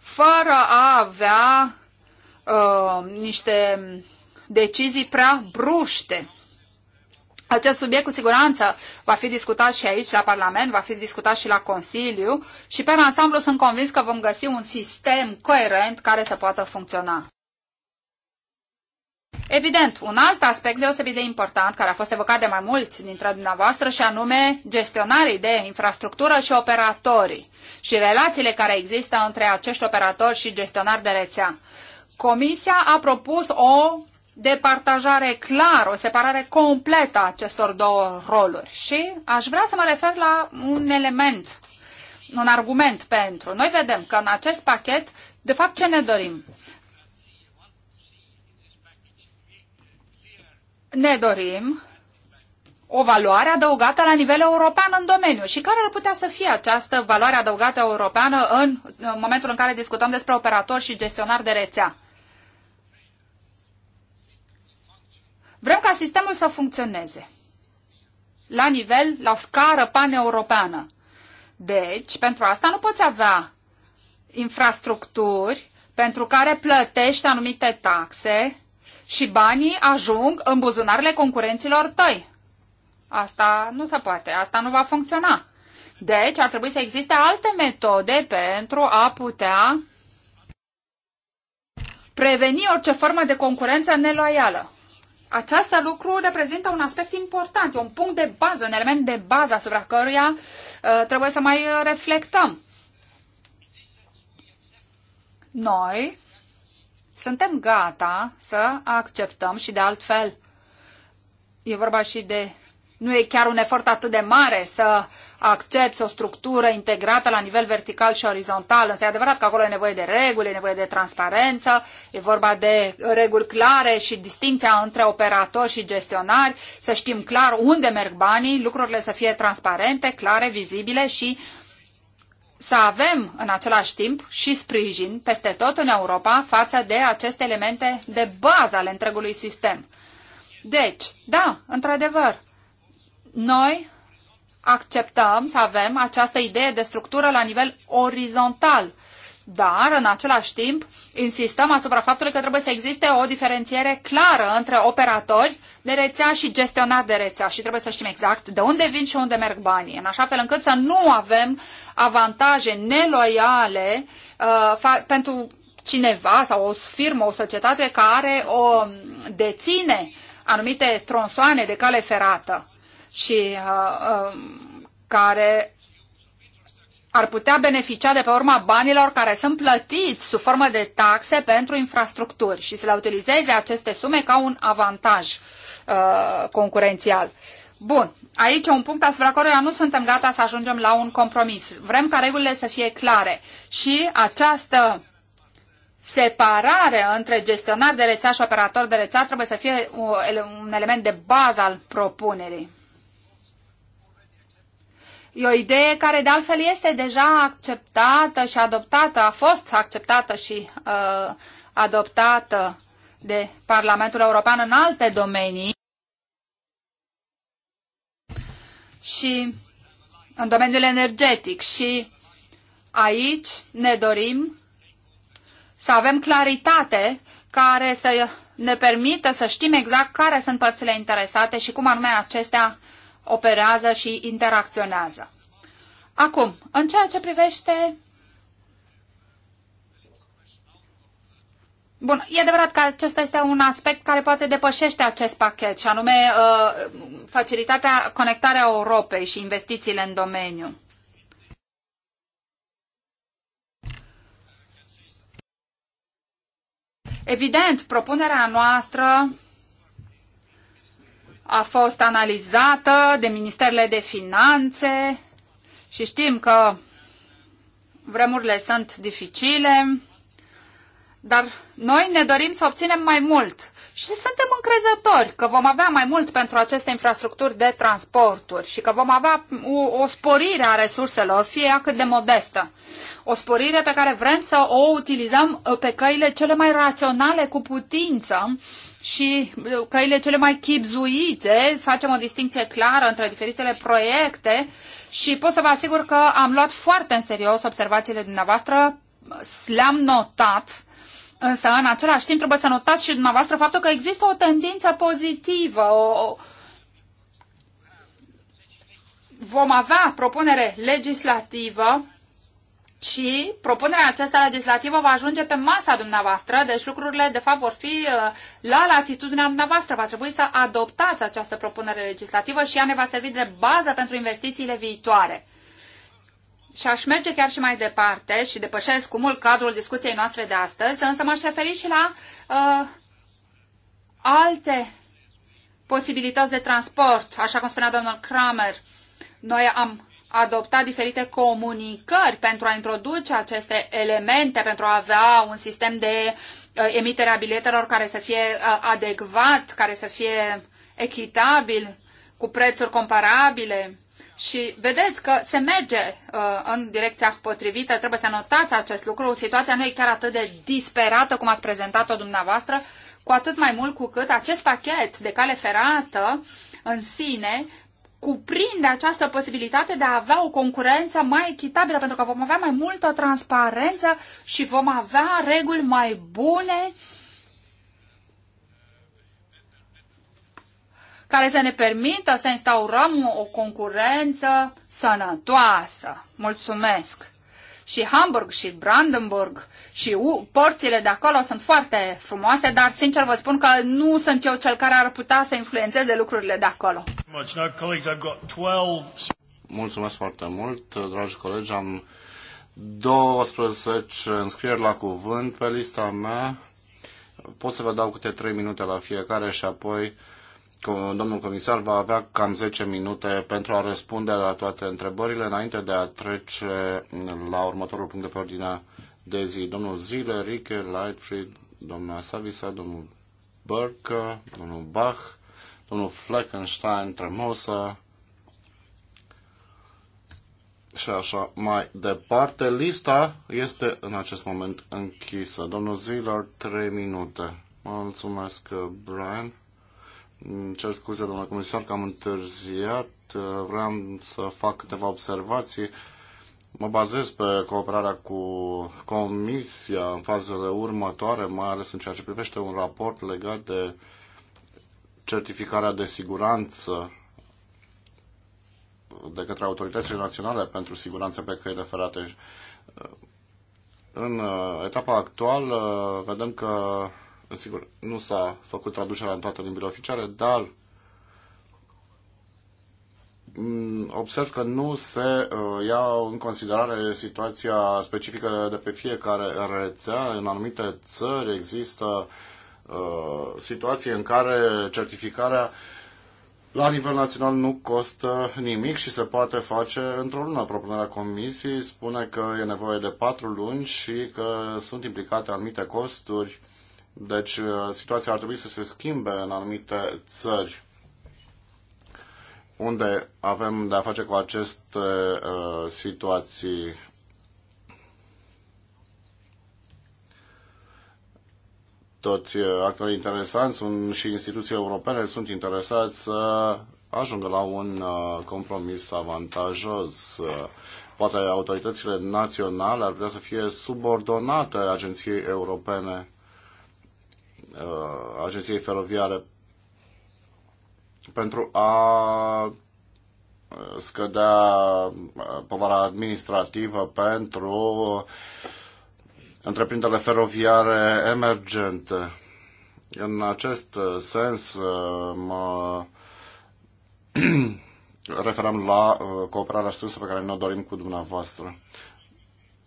[SPEAKER 2] fără a avea Uh, niște decizii prea bruște. Acest subiect cu siguranță va fi discutat și aici la Parlament, va fi discutat și la Consiliu și pe ansamblu sunt convins că vom găsi un sistem coerent care să poată funcționa. Evident, un alt aspect deosebit de important, care a fost evocat de mai mulți dintre dumneavoastră, și anume gestionarii de infrastructură și operatorii și relațiile care există între acești operatori și gestionari de rețea. Comisia a propus o departajare clară, o separare completă a acestor două roluri. Și aș vrea să mă refer la un element, un argument pentru. Noi vedem că în acest pachet, de fapt, ce ne dorim? Ne dorim o valoare adăugată la nivel european în domeniu. Și care ar putea să fie această valoare adăugată europeană în, momentul în care discutăm despre operatori și gestionari de rețea? Vrem ca sistemul să funcționeze la nivel, la scară paneuropeană. Deci, pentru asta nu poți avea infrastructuri pentru care plătești anumite taxe și banii ajung în buzunarele concurenților tăi. Asta nu se poate, asta nu va funcționa. Deci ar trebui să existe alte metode pentru a putea preveni orice formă de concurență neloială. Această lucru reprezintă un aspect important, un punct de bază, un element de bază asupra căruia uh, trebuie să mai reflectăm. Noi suntem gata să acceptăm și de altfel e vorba și de nu e chiar un efort atât de mare să accepti o structură integrată la nivel vertical și orizontal. Însă e adevărat că acolo e nevoie de reguli, e nevoie de transparență, e vorba de reguli clare și distinția între operatori și gestionari, să știm clar unde merg banii, lucrurile să fie transparente, clare, vizibile și să avem în același timp și sprijin peste tot în Europa față de aceste elemente de bază ale întregului sistem. Deci, da, într-adevăr, noi acceptăm să avem această idee de structură la nivel orizontal, dar în același timp insistăm asupra faptului că trebuie să existe o diferențiere clară între operatori de rețea și gestionari de rețea și trebuie să știm exact de unde vin și unde merg banii, în așa fel încât să nu avem avantaje neloiale uh, pentru cineva sau o firmă, o societate care o um, deține anumite tronsoane de cale ferată și uh, uh, care ar putea beneficia de pe urma banilor care sunt plătiți sub formă de taxe pentru infrastructuri și să le utilizeze aceste sume ca un avantaj uh, concurențial. Bun, aici un punct asupra căruia nu suntem gata să ajungem la un compromis. Vrem ca regulile să fie clare și această separare între gestionar de rețea și operator de rețea trebuie să fie uh, un element de bază al propunerii. E o idee care de altfel este deja acceptată și adoptată, a fost acceptată și uh, adoptată de Parlamentul European în alte domenii. Și în domeniul energetic și aici ne dorim să avem claritate care să ne permită să știm exact care sunt părțile interesate și cum anume acestea operează și interacționează. Acum, în ceea ce privește Bun, e adevărat că acesta este un aspect care poate depășește acest pachet, și anume uh, facilitatea conectarea Europei și investițiile în domeniu. Evident, propunerea noastră a fost analizată de Ministerele de Finanțe și știm că vremurile sunt dificile, dar noi ne dorim să obținem mai mult și suntem încrezători că vom avea mai mult pentru aceste infrastructuri de transporturi și că vom avea o, o sporire a resurselor, fie ea cât de modestă. O sporire pe care vrem să o utilizăm pe căile cele mai raționale cu putință și uh, căile cele mai chipzuite, facem o distinție clară între diferitele proiecte și pot să vă asigur că am luat foarte în serios observațiile dumneavoastră, le-am notat, însă în același timp trebuie să notați și dumneavoastră faptul că există o tendință pozitivă, o, vom avea propunere legislativă ci propunerea aceasta legislativă va ajunge pe masa dumneavoastră, deci lucrurile de fapt vor fi uh, la latitudinea dumneavoastră. Va trebui să adoptați această propunere legislativă și ea ne va servi de bază pentru investițiile viitoare. Și aș merge chiar și mai departe și depășesc cu mult cadrul discuției noastre de astăzi, însă m-aș referi și la uh, alte posibilități de transport, așa cum spunea domnul Kramer. Noi am adopta diferite comunicări pentru a introduce aceste elemente, pentru a avea un sistem de uh, emitere a biletelor care să fie uh, adecvat, care să fie echitabil, cu prețuri comparabile. Și vedeți că se merge uh, în direcția potrivită, trebuie să notați acest lucru. Situația nu e chiar atât de disperată cum ați prezentat-o dumneavoastră, cu atât mai mult cu cât acest pachet de cale ferată în sine cuprinde această posibilitate de a avea o concurență mai echitabilă, pentru că vom avea mai multă transparență și vom avea reguli mai bune care să ne permită să instaurăm o concurență sănătoasă. Mulțumesc! și Hamburg și Brandenburg și U, porțile de acolo sunt foarte frumoase, dar sincer vă spun că nu sunt eu cel care ar putea să influențeze lucrurile de acolo.
[SPEAKER 3] Mulțumesc foarte mult, dragi colegi, am 12 înscrieri la cuvânt pe lista mea. Pot să vă dau câte 3 minute la fiecare și apoi domnul comisar va avea cam 10 minute pentru a răspunde la toate întrebările înainte de a trece la următorul punct de pe ordinea de zi. Domnul Zile, Rike, Lightfried, domnul Savisa, domnul Burke, domnul Bach, domnul Fleckenstein, Tremosa și așa mai departe. Lista este în acest moment închisă. Domnul Ziller, 3 minute. Mulțumesc, Brian. Îmi cer scuze, domnule comisar, că am întârziat. Vreau să fac câteva observații. Mă bazez pe cooperarea cu Comisia în fazele următoare, mai ales în ceea ce privește un raport legat de certificarea de siguranță de către autoritățile naționale pentru siguranță pe căile ferate. În etapa actuală vedem că Sigur, nu s-a făcut traducerea în toate limbile oficiale, dar mm, observ că nu se uh, ia în considerare situația specifică de pe fiecare rețea. În anumite țări există uh, situații în care certificarea la nivel național nu costă nimic și se poate face într-o lună. Propunerea comisiei spune că e nevoie de patru luni și că sunt implicate anumite costuri deci uh, situația ar trebui să se schimbe în anumite țări unde avem de a face cu aceste uh, situații. Toți uh, actorii interesanți sunt, și instituții europene sunt interesați să ajungă la un uh, compromis avantajos. Poate autoritățile naționale ar putea să fie subordonate agenției europene Uh, Agenției Feroviare pentru a uh, scădea uh, povara administrativă pentru întreprinderile feroviare emergente. În acest sens mă referam la cooperarea strânsă pe care ne-o dorim cu dumneavoastră.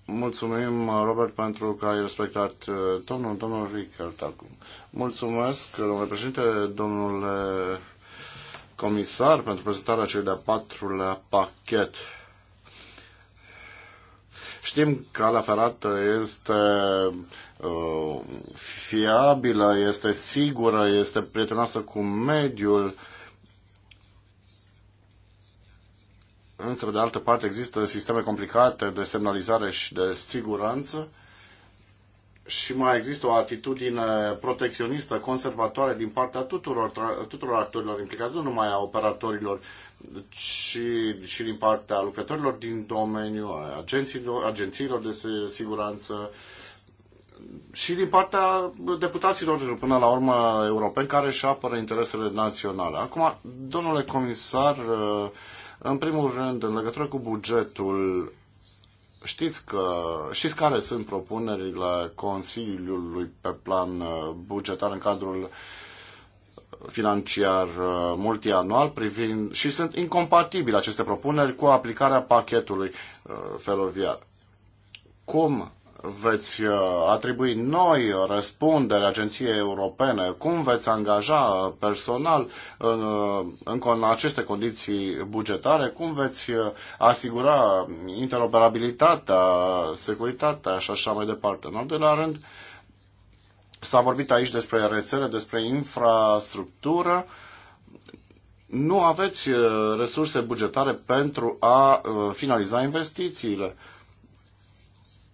[SPEAKER 3] Mulțumim, Robert, pentru că ai respectat domnul, uh, domnul Rickert acum. Mulțumesc, domnule președinte, domnule comisar, pentru prezentarea celui de-a patrulea pachet. Știm că calea ferată este uh, fiabilă, este sigură, este prietenoasă cu mediul, Însă, pe de altă parte, există sisteme complicate de semnalizare și de siguranță și mai există o atitudine protecționistă, conservatoare din partea tuturor, tuturor actorilor implicați, nu numai a operatorilor, ci și din partea lucrătorilor din domeniu, a agenților, agențiilor de siguranță și din partea deputaților, până la urmă, europeni, care își apără interesele naționale. Acum, domnule comisar, în primul rând, în legătură cu bugetul, știți, că, știți care sunt propunerile Consiliului pe plan uh, bugetar în cadrul financiar uh, multianual privind și sunt incompatibile aceste propuneri cu aplicarea pachetului uh, feroviar. Cum veți uh, atribui noi răspundere agenției europene? Cum veți angaja personal în, uh, în aceste condiții bugetare? Cum veți uh, asigura interoperabilitatea, securitatea și așa mai departe? În al doilea rând, s-a vorbit aici despre rețele, despre infrastructură. Nu aveți resurse bugetare pentru a finaliza investițiile.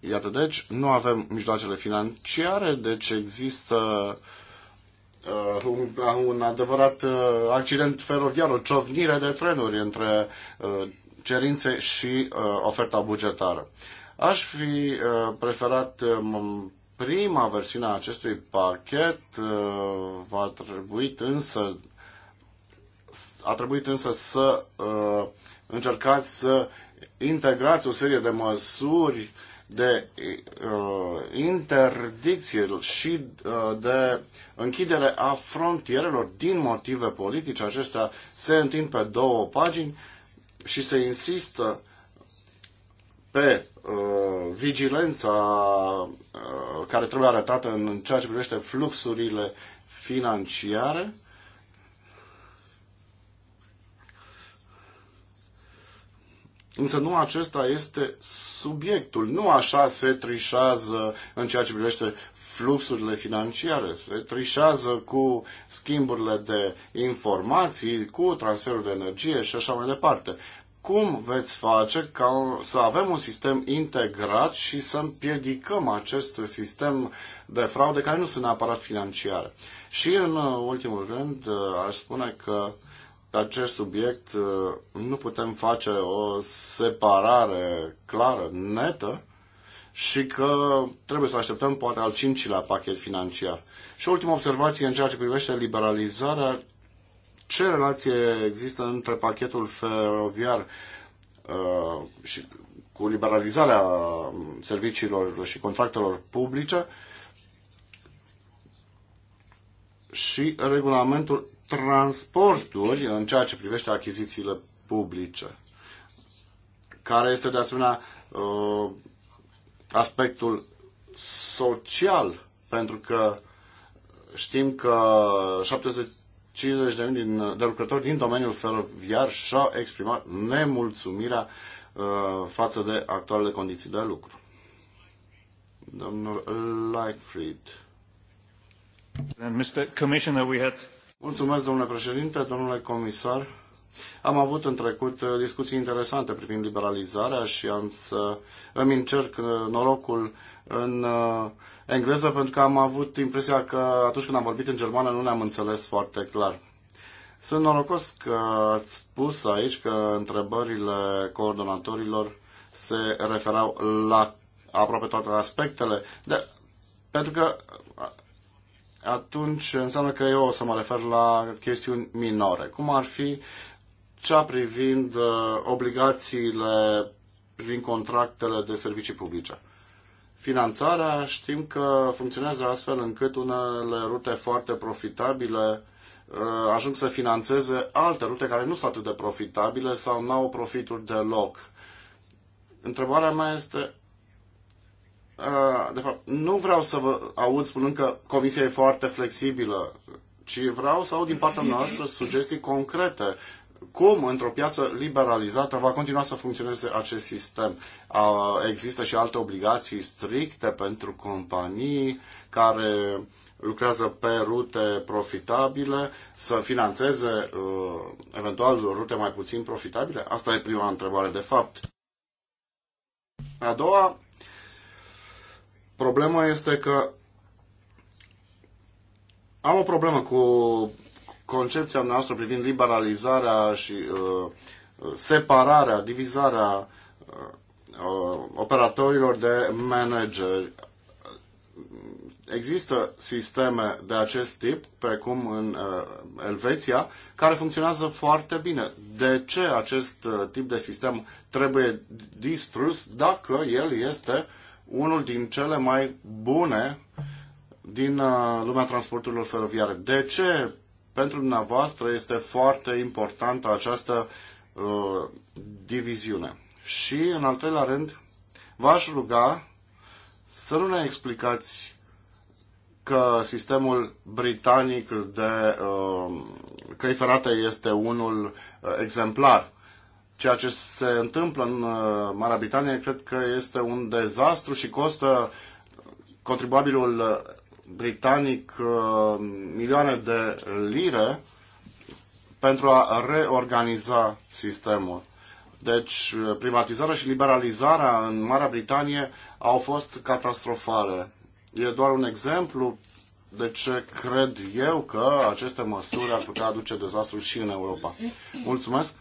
[SPEAKER 3] Iată, deci, nu avem mijloacele financiare, deci există uh, un, un adevărat uh, accident feroviar, o ciocnire de frenuri între uh, cerințe și uh, oferta bugetară. Aș fi uh, preferat uh, prima versiune a acestui pachet, uh, va trebui însă a trebuit însă să uh, încercați să integrați o serie de măsuri de uh, interdicție și uh, de închidere a frontierelor din motive politice. Acestea se întind pe două pagini și se insistă pe uh, vigilența uh, care trebuie arătată în ceea ce privește fluxurile financiare Însă nu acesta este subiectul. Nu așa se trișează în ceea ce privește fluxurile financiare. Se trișează cu schimburile de informații, cu transferul de energie și așa mai departe. Cum veți face ca să avem un sistem integrat și să împiedicăm acest sistem de fraude care nu sunt neapărat financiare? Și în uh, ultimul rând uh, aș spune că uh, pe acest subiect uh, nu putem face o separare clară, netă și că trebuie să așteptăm poate al cincilea pachet financiar. Și ultima observație în ceea ce privește liberalizarea, ce relație există între pachetul feroviar uh, și cu liberalizarea serviciilor și contractelor publice și regulamentul transporturi în ceea ce privește achizițiile publice, care este de asemenea uh, aspectul social, pentru că știm că 750.000 din, de lucrători din domeniul feroviar și-au exprimat nemulțumirea uh, față de actualele condiții de lucru. Domnul Lightfried. And Mr. Commissioner, we had Mulțumesc, domnule președinte, domnule comisar. Am avut în trecut uh, discuții interesante privind liberalizarea și am să îmi încerc uh, norocul în uh, engleză pentru că am avut impresia că atunci când am vorbit în germană nu ne-am înțeles foarte clar. Sunt norocos că ați spus aici că întrebările coordonatorilor se referau la aproape toate aspectele, de, pentru că atunci înseamnă că eu o să mă refer la chestiuni minore, cum ar fi cea privind uh, obligațiile privind contractele de servicii publice. Finanțarea știm că funcționează astfel încât unele rute foarte profitabile uh, ajung să financeze alte rute care nu sunt atât de profitabile sau nu au profituri deloc. Întrebarea mea este Uh, de fapt, nu vreau să vă aud spunând că comisia e foarte flexibilă, ci vreau să aud din partea noastră sugestii concrete. Cum într-o piață liberalizată va continua să funcționeze acest sistem? Există și alte obligații stricte pentru companii care lucrează pe rute profitabile, să financeze uh, eventual rute mai puțin profitabile? Asta e prima întrebare, de fapt. A doua Problema este că am o problemă cu concepția noastră privind liberalizarea și uh, separarea, divizarea uh, uh, operatorilor de manageri. Există sisteme de acest tip, precum în uh, Elveția, care funcționează foarte bine. De ce acest uh, tip de sistem trebuie distrus dacă el este uh, unul din cele mai bune din uh, lumea transporturilor feroviare. De ce pentru dumneavoastră este foarte importantă această uh, diviziune? Și, în al treilea rând, v-aș ruga să nu ne explicați că sistemul britanic de uh, căi ferate este unul exemplar. Ceea ce se întâmplă în uh, Marea Britanie cred că este un dezastru și costă contribuabilul britanic uh, milioane de lire pentru a reorganiza sistemul. Deci uh, privatizarea și liberalizarea în Marea Britanie au fost catastrofale. E doar un exemplu de ce cred eu că aceste măsuri ar putea aduce dezastru și în Europa. Mulțumesc!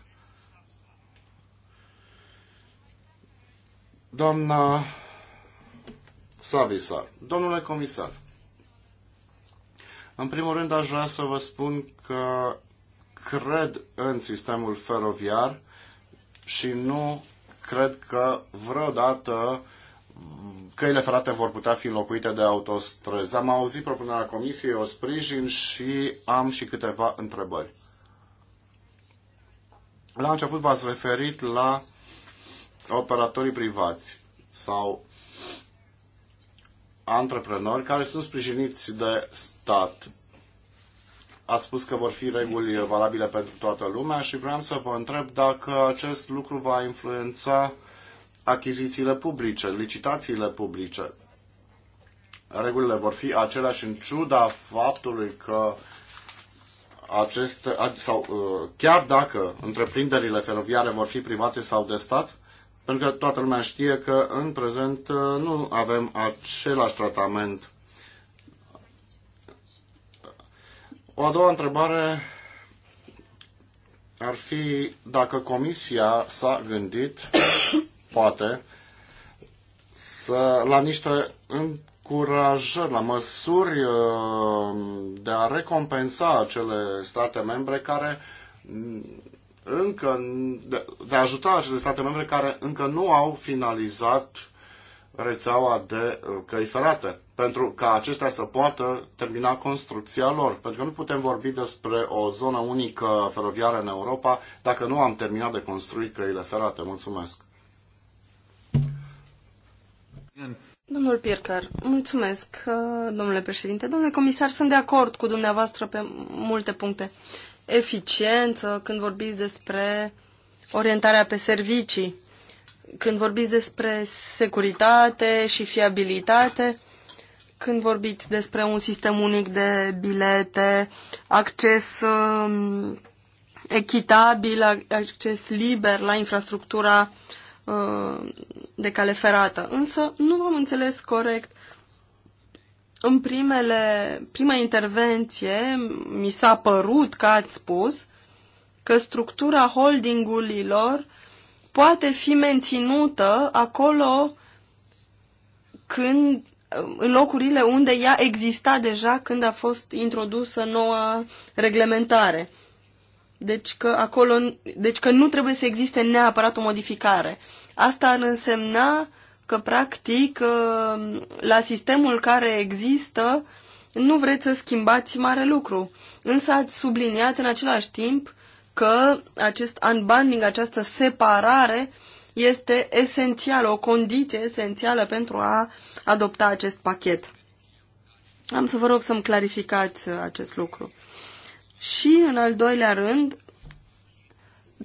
[SPEAKER 3] Doamna Savisa, domnule comisar, în primul rând aș vrea să vă spun că cred în sistemul feroviar și nu cred că vreodată căile ferate vor putea fi înlocuite de autostrăzi. Am auzit propunerea comisiei, o sprijin și am și câteva întrebări. La început v-ați referit la operatorii privați sau antreprenori care sunt sprijiniți de stat. Ați spus că vor fi reguli valabile pentru toată lumea și vreau să vă întreb dacă acest lucru va influența achizițiile publice, licitațiile publice. Regulile vor fi aceleași în ciuda faptului că aceste, sau uh, chiar dacă întreprinderile feroviare vor fi private sau de stat? Pentru că toată lumea știe că în prezent nu avem același tratament. O a doua întrebare ar fi dacă Comisia s-a gândit, poate, să, la niște încurajări, la măsuri uh, de a recompensa acele state membre care încă de, de a ajuta acele state membre care încă nu au finalizat rețeaua de uh, căi ferate, pentru ca acestea să poată termina construcția lor. Pentru că nu putem vorbi despre o zonă unică feroviară în Europa dacă nu am terminat de construit căile ferate. Mulțumesc!
[SPEAKER 1] Domnul Piercar, mulțumesc, uh, domnule președinte. Domnule comisar, sunt de acord cu dumneavoastră pe multe puncte eficiență, când vorbiți despre orientarea pe servicii, când vorbiți despre securitate și fiabilitate, când vorbiți despre un sistem unic de bilete, acces um, echitabil, acces liber la infrastructura uh, de cale ferată. Însă nu am înțeles corect în primele, prima intervenție mi s-a părut că ați spus că structura holdingurilor poate fi menținută acolo când în locurile unde ea exista deja când a fost introdusă noua reglementare. Deci că, acolo, deci că nu trebuie să existe neapărat o modificare. Asta ar însemna că, practic, ă, la sistemul care există, nu vreți să schimbați mare lucru. Însă ați subliniat în același timp că acest unbundling, această separare, este esențială, o condiție esențială pentru a adopta acest pachet. Am să vă rog să-mi clarificați ă, acest lucru. Și, în al doilea rând,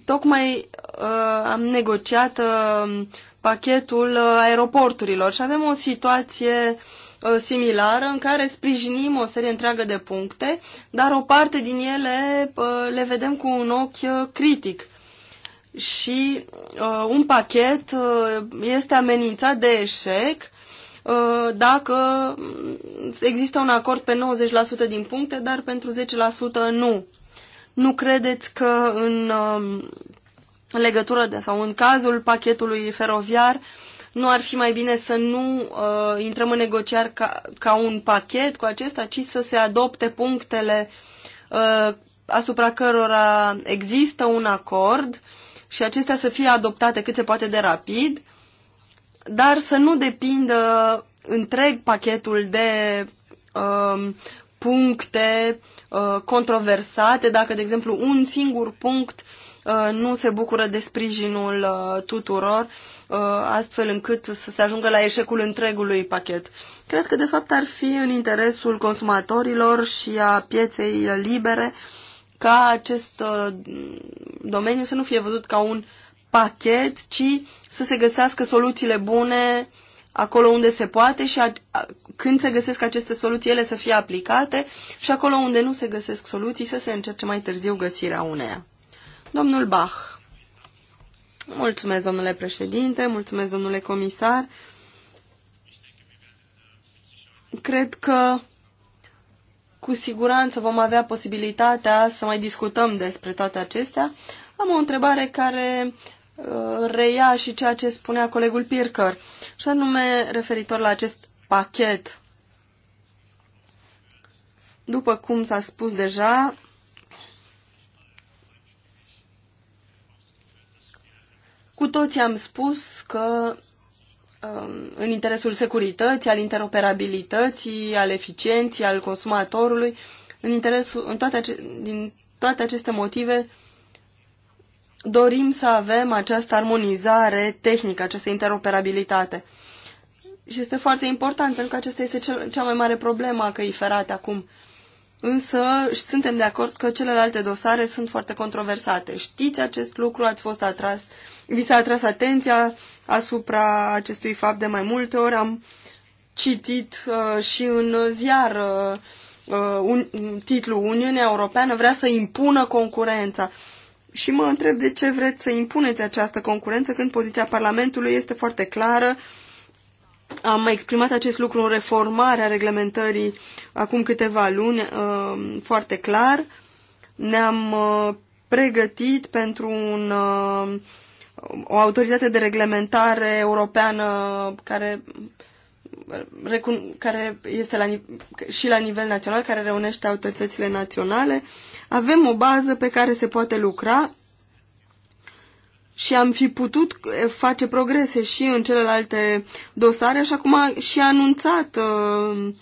[SPEAKER 1] tocmai uh, am negociat uh, pachetul uh, aeroporturilor și avem o situație uh, similară în care sprijinim o serie întreagă de puncte, dar o parte din ele uh, le vedem cu un ochi critic. Și un pachet este amenințat de eșec dacă există un acord pe 90% din puncte, dar pentru 10% nu. Nu credeți că în um, în legătură de, sau în cazul pachetului feroviar, nu ar fi mai bine să nu uh, intrăm în negociar ca, ca un pachet cu acesta, ci să se adopte punctele uh, asupra cărora există un acord și acestea să fie adoptate cât se poate de rapid, dar să nu depindă întreg pachetul de uh, puncte uh, controversate, dacă, de exemplu, un singur punct Uh, nu se bucură de sprijinul uh, tuturor, uh, astfel încât să se ajungă la eșecul întregului pachet. Cred că, de fapt, ar fi în interesul consumatorilor și a pieței libere ca acest domeniu să nu fie văzut ca un pachet, ci să se găsească soluțiile bune acolo unde se poate și a, a, când se găsesc aceste soluții, ele să fie aplicate și acolo unde nu se găsesc soluții, să se încerce mai târziu găsirea uneia. Domnul Bach. Mulțumesc, domnule președinte, mulțumesc, domnule comisar. Cred că cu siguranță vom avea posibilitatea să mai discutăm despre toate acestea. Am o întrebare care uh, reia și ceea ce spunea colegul Pircăr, și anume referitor la acest pachet. După cum s-a spus deja, Cu toți am spus că um, în interesul securității, al interoperabilității, al eficienții, al consumatorului, în, interesul, în toate ace- din toate aceste motive dorim să avem această armonizare tehnică, această interoperabilitate. Și este foarte important, pentru că aceasta este cel, cea mai mare problemă a căii ferate acum. Însă suntem de acord că celelalte dosare sunt foarte controversate. Știți acest lucru, ați fost atras uh, vi s-a atras atenția asupra acestui fapt de mai multe ori. Am citit uh, și în ziar uh, uh un, titlul Uniunea Europeană vrea să impună concurența. Și mă întreb de ce vreți să impuneți această concurență când poziția Parlamentului este foarte clară. Am exprimat acest lucru în reformarea reglementării acum câteva luni uh, foarte clar. Ne-am uh, pregătit pentru un uh, o autoritate de reglementare europeană care, care este la, și la nivel național, care reunește autoritățile naționale. Avem o bază pe care se poate lucra și am fi putut eh, face progrese și în celelalte dosare, așa cum a și anunțat eh,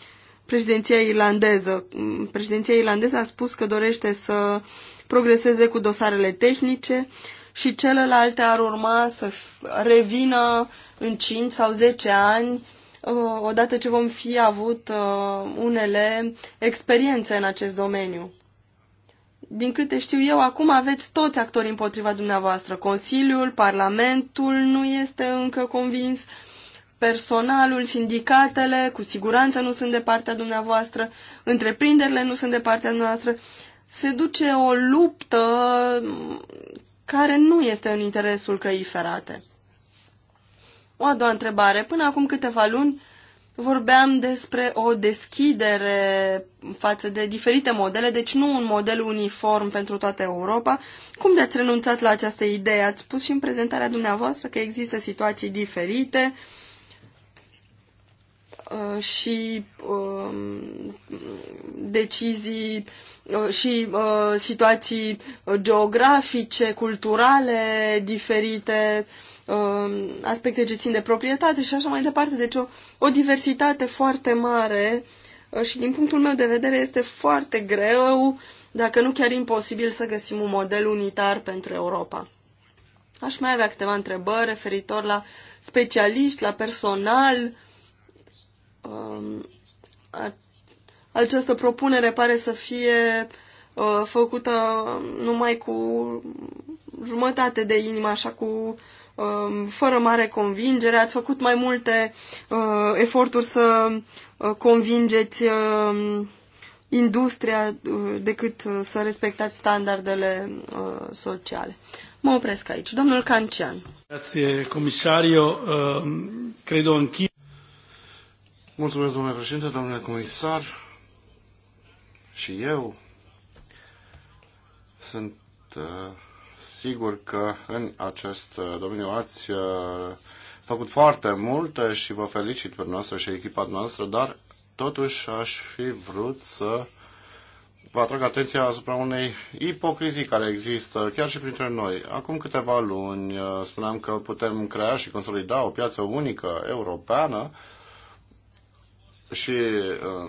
[SPEAKER 1] președinția irlandeză. Președinția irlandeză a spus că dorește să progreseze cu dosarele tehnice, și celelalte ar urma să revină în 5 sau 10 ani uh, odată ce vom fi avut uh, unele experiențe în acest domeniu. Din câte știu eu, acum aveți toți actorii împotriva dumneavoastră. Consiliul, Parlamentul nu este încă convins, personalul, sindicatele cu siguranță nu sunt de partea dumneavoastră, întreprinderile nu sunt de partea noastră. Se duce o luptă care nu este în interesul căii ferate. O a doua întrebare. Până acum câteva luni vorbeam despre o deschidere față de diferite modele, deci nu un model uniform pentru toată Europa. Cum de-ați renunțat la această idee? Ați spus și în prezentarea dumneavoastră că există situații diferite, uh, Uh, și um, decizii uh, și uh, situații geografice, culturale diferite, um, aspecte ce țin de proprietate și așa mai departe. Deci o, o diversitate foarte mare și din punctul meu de vedere este foarte greu, dacă nu chiar imposibil, să găsim un model unitar pentru Europa. Aș mai avea câteva întrebări referitor la specialiști, la personal, Um, această propunere pare să fie uh, făcută numai cu jumătate de inimă, așa cu um, fără mare convingere. Ați făcut mai multe uh, eforturi să uh, convingeți um, industria decât să respectați standardele sociale. Mă opresc aici. Domnul Cancian.
[SPEAKER 3] Grazie, comisario. Credo anch'io. Mulțumesc, domnule președinte, domnule comisar. Și eu sunt uh, sigur că în acest uh, domeniu ați uh, făcut foarte multe și vă felicit pe noastră și echipa noastră, dar totuși aș fi vrut să vă atrag atenția asupra unei ipocrizii care există chiar și printre noi. Acum câteva luni spuneam că putem crea și consolida o piață unică europeană, și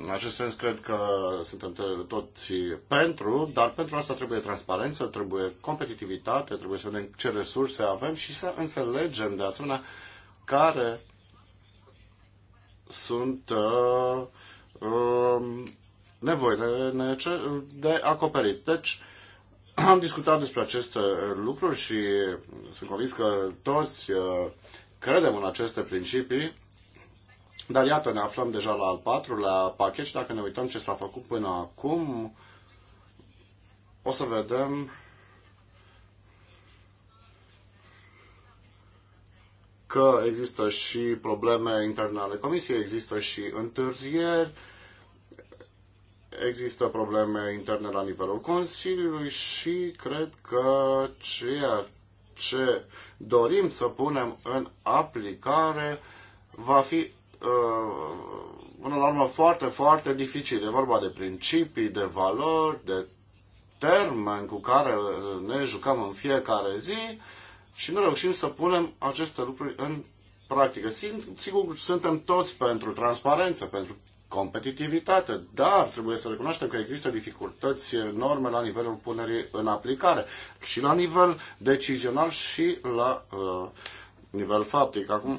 [SPEAKER 3] în acest sens cred că suntem toți pentru, dar pentru asta trebuie transparență, trebuie competitivitate, trebuie să vedem ce resurse avem și să înțelegem de asemenea care sunt uh, uh, nevoile de acoperit. Deci, am discutat despre aceste lucruri și sunt convins că toți uh, credem în aceste principii dar iată, ne aflăm deja la al patrulea pachet și dacă ne uităm ce s-a făcut până acum, o să vedem că există și probleme interne ale comisiei, există și întârzieri, există probleme interne la nivelul Consiliului și cred că ceea ce dorim să punem în aplicare va fi Uh, până la urmă foarte, foarte dificil. E vorba de principii, de valori, de termen cu care ne jucăm în fiecare zi și nu reușim să punem aceste lucruri în practică. Sigur, suntem toți pentru transparență, pentru competitivitate, dar trebuie să recunoaștem că există dificultăți enorme la nivelul punerii în aplicare și la nivel decizional și la uh, nivel faptic. Acum, uh,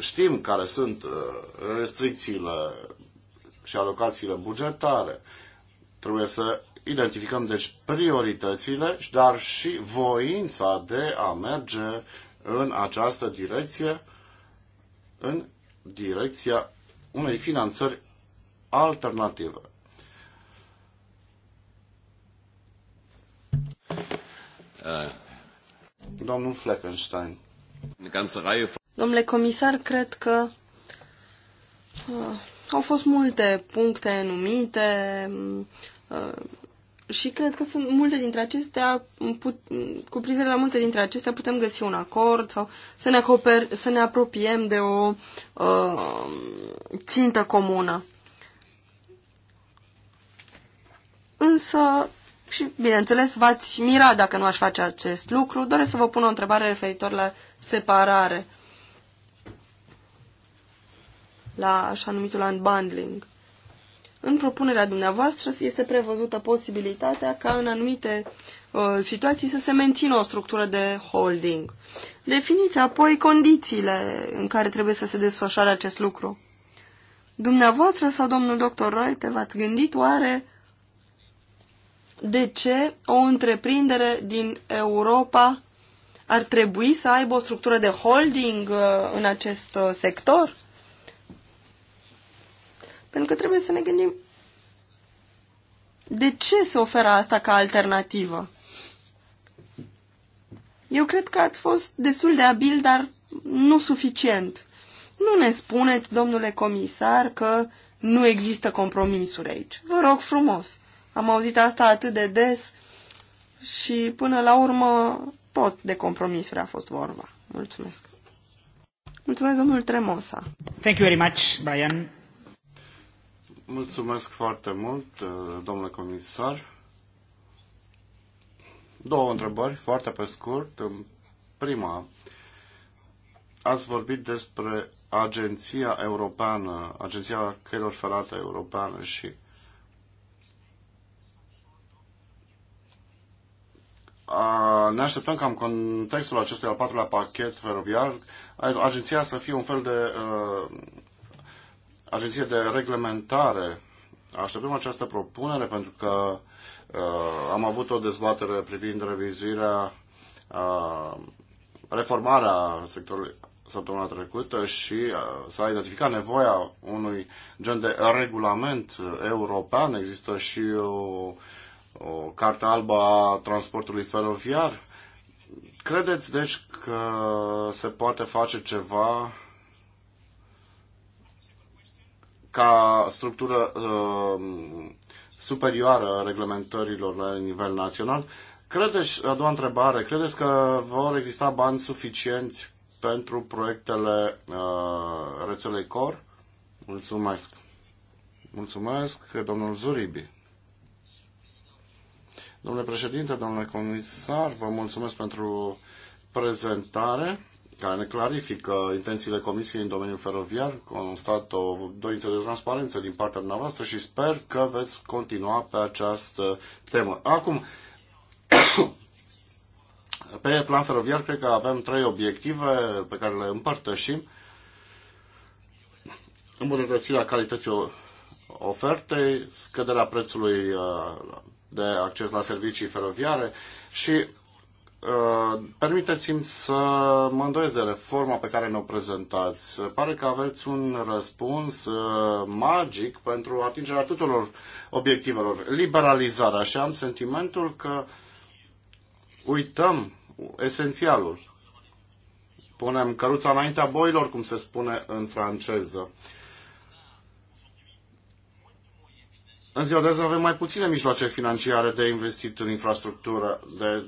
[SPEAKER 3] știm care sunt uh, restricțiile și alocațiile bugetare. Trebuie să identificăm, deci, prioritățile, dar și voința de a merge în această direcție, în direcția unei finanțări alternative. Uh. Domnul Fleckenstein.
[SPEAKER 1] Domnule comisar, cred că uh, au fost multe puncte numite uh, și cred că sunt multe dintre acestea, put, cu privire la multe dintre acestea putem găsi un acord sau să ne, acoper, să ne apropiem de o uh, țintă comună. Însă, și bineînțeles, v-ați mira dacă nu aș face acest lucru, doresc să vă pun o întrebare referitor la separare la așa numitul unbundling. În propunerea dumneavoastră este prevăzută posibilitatea ca în anumite uh, situații să se mențină o structură de holding. Definiți apoi condițiile în care trebuie să se desfășoare acest lucru. Dumneavoastră sau domnul doctor Roite v-ați gândit oare de ce o întreprindere din Europa ar trebui să aibă o structură de holding uh, în acest uh, sector? Pentru că trebuie să ne gândim de ce se oferă asta ca alternativă. Eu cred că ați fost destul de abil, dar nu suficient. Nu ne spuneți, domnule comisar, că nu există compromisuri aici. Vă rog frumos. Am auzit asta atât de des și până la urmă tot de compromisuri a fost vorba. Mulțumesc. Mulțumesc, domnul Tremosa. Thank you very much, Brian.
[SPEAKER 3] Mulțumesc foarte mult, uh, domnule comisar. Două întrebări, foarte pe scurt. Prima, ați vorbit despre Agenția Europeană, Agenția Căilor Ferate Europeană și A, ne așteptăm ca în contextul acestui al patrulea pachet feroviar, agenția să fie un fel de uh, agenție de reglementare. Așteptăm această propunere pentru că uh, am avut o dezbatere privind revizirea uh, reformarea sectorului săptămâna trecută și uh, s-a identificat nevoia unui gen de regulament european. Există și o, o carte albă a transportului feroviar. Credeți, deci, că se poate face ceva ca structură uh, superioară reglementărilor la nivel național. Credeți, a doua întrebare, credeți că vor exista bani suficienți pentru proiectele uh, rețelei COR? Mulțumesc. Mulțumesc, domnul Zuribi. Domnule președinte, domnule comisar, vă mulțumesc pentru prezentare care ne clarifică intențiile Comisiei în domeniul feroviar. Constat o dorință de transparență din partea dumneavoastră și sper că veți continua pe această temă. Acum, pe plan feroviar, cred că avem trei obiective pe care le împărtășim. Îmbunătățirea calității ofertei, scăderea prețului uh, de acces la servicii feroviare și Uh, permiteți-mi să mă îndoiesc de reforma pe care ne-o prezentați. Pare că aveți un răspuns uh, magic pentru atingerea tuturor obiectivelor. Liberalizarea și am sentimentul că uităm esențialul. Punem căruța înaintea boilor, cum se spune în franceză. În ziua de azi avem mai puține mijloace financiare de investit în infrastructură, de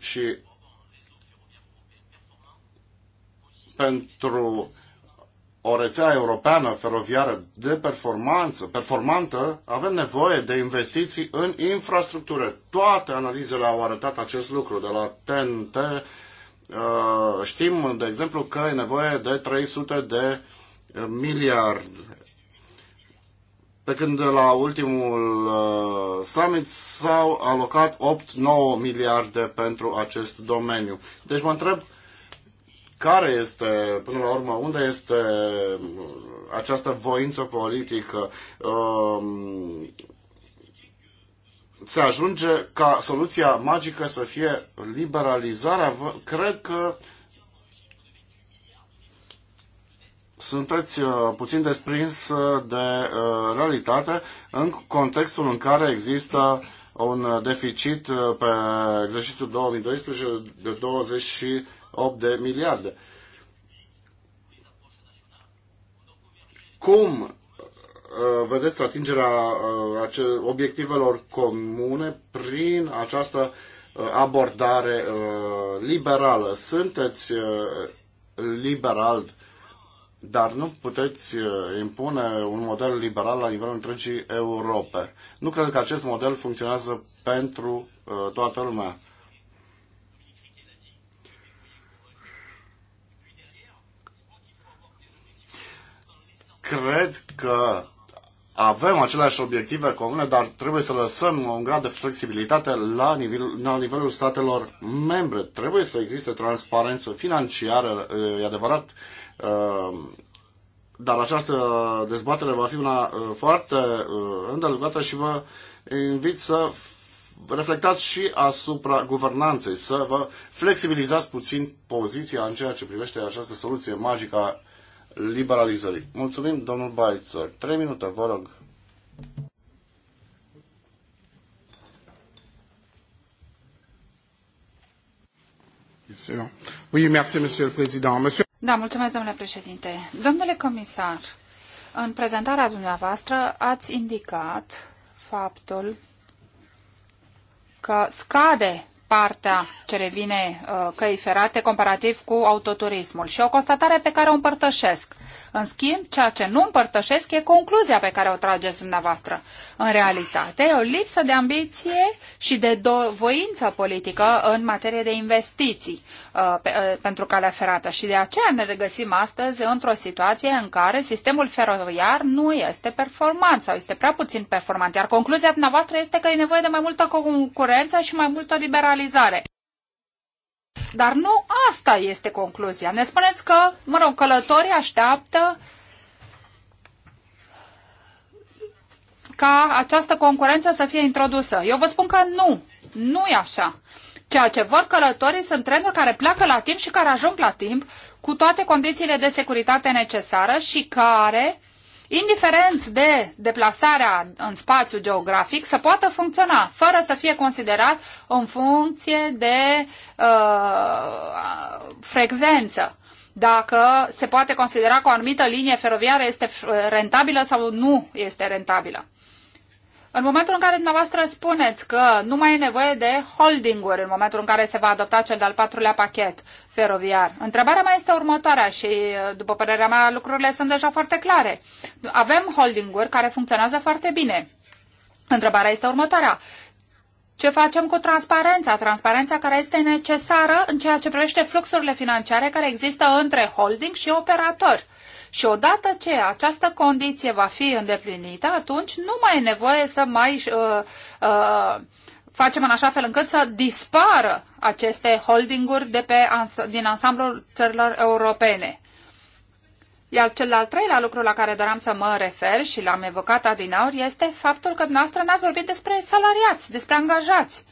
[SPEAKER 3] și pentru o rețea europeană feroviară de performanță, performantă, avem nevoie de investiții în infrastructură. Toate analizele au arătat acest lucru, de la TNT. Uh, știm, de exemplu, că e nevoie de 300 de miliarde pe când la ultimul uh, summit s-au alocat 8-9 miliarde pentru acest domeniu. Deci mă întreb care este, până la urmă, unde este uh, această voință politică? Um, se ajunge ca soluția magică să fie liberalizarea? Cred că uh, sunteți uh, puțin desprins uh, de uh, realitate în contextul în care există un deficit pe exercițiul 2012 de 28 de miliarde. Cum vedeți atingerea obiectivelor comune prin această abordare liberală? Sunteți liberal dar nu puteți uh, impune un model liberal la nivelul întregii Europe. Nu cred că acest model funcționează pentru uh, toată lumea. Cred că avem aceleași obiective comune, dar trebuie să lăsăm un grad de flexibilitate la, nivel, la nivelul statelor membre. Trebuie să existe transparență financiară, uh, e adevărat, Ehm, dar această dezbatere va fi una eh, foarte eh, îndelungată și vă invit să reflectați și asupra guvernanței, să vă flexibilizați puțin poziția în ceea ce privește această soluție magică a liberalizării. Mulțumim, domnul Baitzer. Trei minute, vă rog. Oui, merci, monsieur le président. Monsieur...
[SPEAKER 2] Da, mulțumesc, domnule președinte. Domnule comisar, în prezentarea dumneavoastră ați indicat faptul că scade partea ce revine uh, căi ferate comparativ cu autoturismul. Și o constatare pe care o împărtășesc. În schimb, ceea ce nu împărtășesc e concluzia pe care o trageți dumneavoastră. În realitate, e o lipsă de ambiție și de voință politică în materie de investiții uh, pe, uh, pentru calea ferată. Și de aceea ne regăsim astăzi într-o situație în care sistemul feroviar nu este performant sau este prea puțin performant. Iar concluzia dumneavoastră este că e nevoie de mai multă concurență și mai multă liberalizare globalizare. Dar nu asta este concluzia. Ne spuneți că, mă rog, călătorii așteaptă ca această concurență să fie introdusă. Eu vă spun că nu, nu e așa. Ceea ce vor călătorii sunt trenuri care pleacă la timp și care ajung la timp cu toate condițiile de securitate necesară și care indiferent de deplasarea în spațiu geografic, să poată funcționa fără să fie considerat în funcție de uh, frecvență. Dacă se poate considera că o anumită linie feroviară este rentabilă sau nu este rentabilă. În momentul în care dumneavoastră spuneți că nu mai e nevoie de holdinguri în momentul în care se va adopta cel de-al patrulea pachet feroviar, întrebarea mea este următoarea și, după părerea mea, lucrurile sunt deja foarte clare. Avem holdinguri care funcționează foarte bine. Întrebarea este următoarea. Ce facem cu transparența? Transparența care este necesară în ceea ce privește fluxurile financiare care există între holding și operatori. Și odată ce această condiție va fi îndeplinită, atunci nu mai e nevoie să mai uh, uh, facem în așa fel încât să dispară aceste holdinguri de pe, din ansamblul țărilor europene. Iar cel al treilea lucru la care doream să mă refer și l-am evocat adinaur este faptul că dumneavoastră n-ați vorbit despre salariați, despre angajați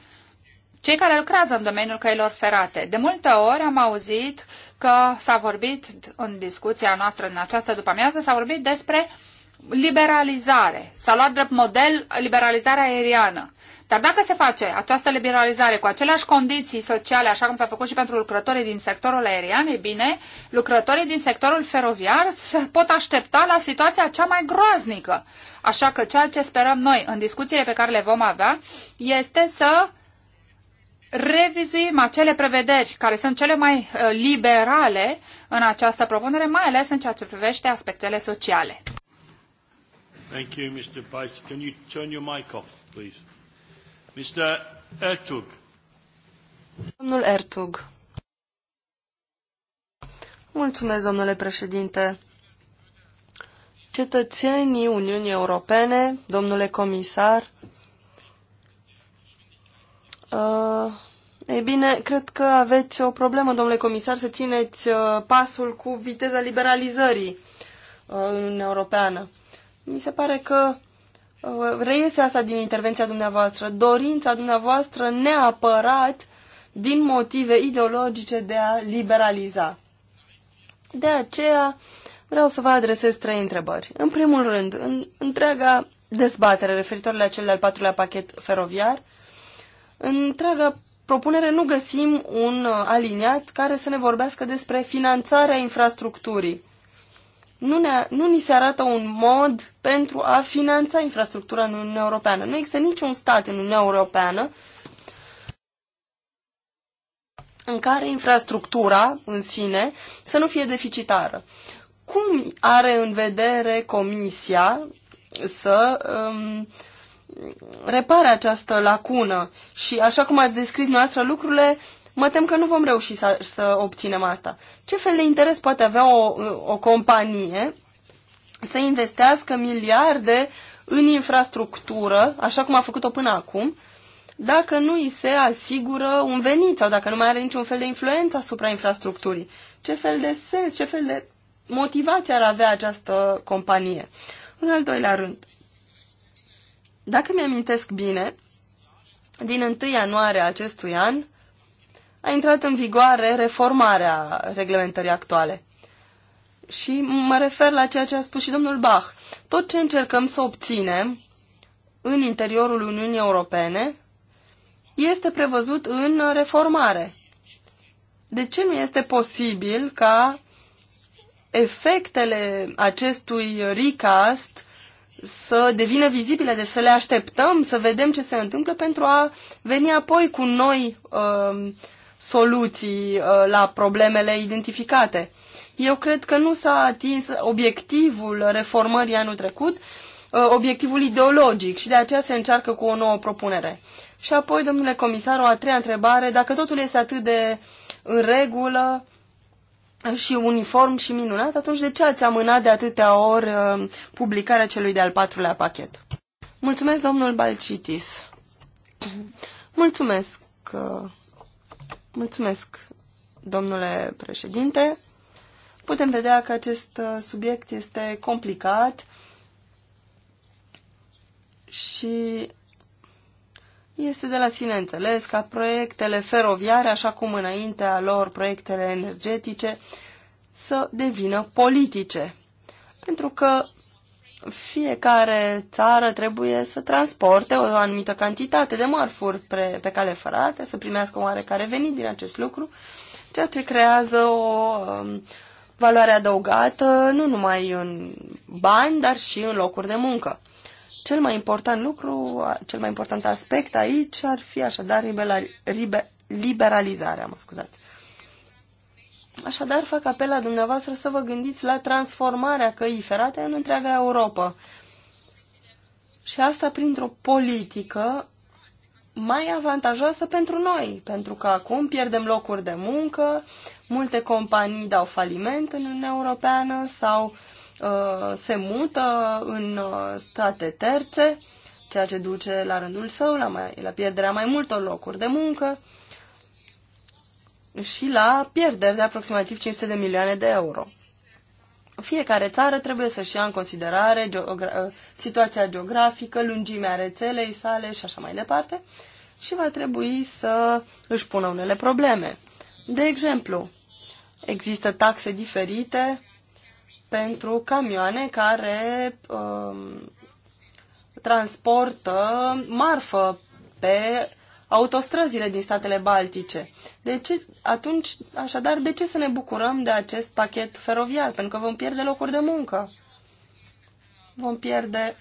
[SPEAKER 2] cei care lucrează în domeniul căilor ferate. De multe ori am auzit că s-a vorbit în discuția noastră în această după-amiază, s-a vorbit despre liberalizare. S-a luat drept model liberalizarea aeriană. Dar dacă se face această liberalizare cu aceleași condiții sociale, așa cum s-a făcut și pentru lucrătorii din sectorul aerian, e bine, lucrătorii din sectorul feroviar se pot aștepta la situația cea mai groaznică. Așa că ceea ce sperăm noi în discuțiile pe care le vom avea este să revizuim acele prevederi care sunt cele mai uh, liberale în această propunere, mai ales în ceea ce privește aspectele sociale.
[SPEAKER 3] Thank you, Mr. Vice. Can you turn your mic off, please? Mr. Ertug.
[SPEAKER 1] Domnul Ertug. Mulțumesc, domnule președinte. Cetățenii Uniunii Europene, domnule comisar, Uh, ei bine, cred că aveți o problemă, domnule comisar, să țineți uh, pasul cu viteza liberalizării uh, în Uniunea Europeană. Mi se pare că uh, reiese asta din intervenția dumneavoastră, dorința dumneavoastră neapărat din motive ideologice de a liberaliza. De aceea vreau să vă adresez trei întrebări. În primul rând, în întreaga dezbatere referitor la cel de-al patrulea pachet feroviar, în întreaga propunere nu găsim un uh, aliniat care să ne vorbească despre finanțarea infrastructurii. Nu, ne, nu ni se arată un mod pentru a finanța infrastructura în Uniunea Europeană. Nu există niciun stat în Uniunea Europeană în care infrastructura în sine să nu fie deficitară. Cum are în vedere Comisia să um, repare această lacună și așa cum ați descris noastră lucrurile, mă tem că nu vom reuși să, să obținem asta. Ce fel de interes poate avea o, o companie să investească miliarde în infrastructură, așa cum a făcut-o până acum, dacă nu îi se asigură un venit sau dacă nu mai are niciun fel de influență asupra infrastructurii? Ce fel de sens, ce fel de motivație ar avea această companie? În al doilea rând, dacă mi-amintesc bine, din 1 ianuarie acestui an a intrat în vigoare reformarea reglementării actuale. Și mă refer la ceea ce a spus și domnul Bach. Tot ce încercăm să obținem în interiorul Uniunii Europene este prevăzut în reformare. De ce nu este posibil ca efectele acestui recast să devină vizibile, deci să le așteptăm, să vedem ce se întâmplă pentru a veni apoi cu noi uh, soluții uh, la problemele identificate. Eu cred că nu s-a atins obiectivul reformării anul trecut, uh, obiectivul ideologic și de aceea se încearcă cu o nouă propunere. Și apoi, domnule comisar, o a treia întrebare, dacă totul este atât de în regulă, uh, și uniform și minunat, atunci de ce ați amânat de atâtea ori uh, publicarea celui de-al patrulea pachet? Mulțumesc, domnul Balcitis. Mulțumesc, uh, mulțumesc, domnule președinte. Putem vedea că acest uh, subiect este complicat și este de la sine înțeles ca proiectele feroviare, așa cum înaintea lor proiectele energetice, să devină politice. Pentru că fiecare țară trebuie să transporte o anumită cantitate de marfuri pe, pe cale fărate să primească oarecare venit din acest lucru, ceea ce creează o um, valoare adăugată nu numai în bani, dar și în locuri de muncă. Cel mai important lucru, cel mai important aspect aici ar fi așadar liberalizarea, mă scuzați. Așadar, fac apel la dumneavoastră să vă gândiți la transformarea căii ferate în întreaga Europa. Și asta printr-o politică mai avantajoasă pentru noi, pentru că acum pierdem locuri de muncă, multe companii dau faliment în Uniunea Europeană sau uh, Uh, se mută în uh, state terțe, ceea ce duce la rândul său la, mai, la pierderea mai multor locuri de muncă și la pierderi de aproximativ 500 de milioane de euro. Fiecare țară trebuie să-și ia în considerare geogra- uh, situația geografică, lungimea rețelei sale și așa mai departe și va trebui să își pună unele probleme. De exemplu, există taxe diferite pentru camioane care um, transportă marfă pe autostrăzile din statele baltice. De ce, atunci, așadar, de ce să ne bucurăm de acest pachet feroviar? Pentru că vom pierde locuri de muncă. Vom pierde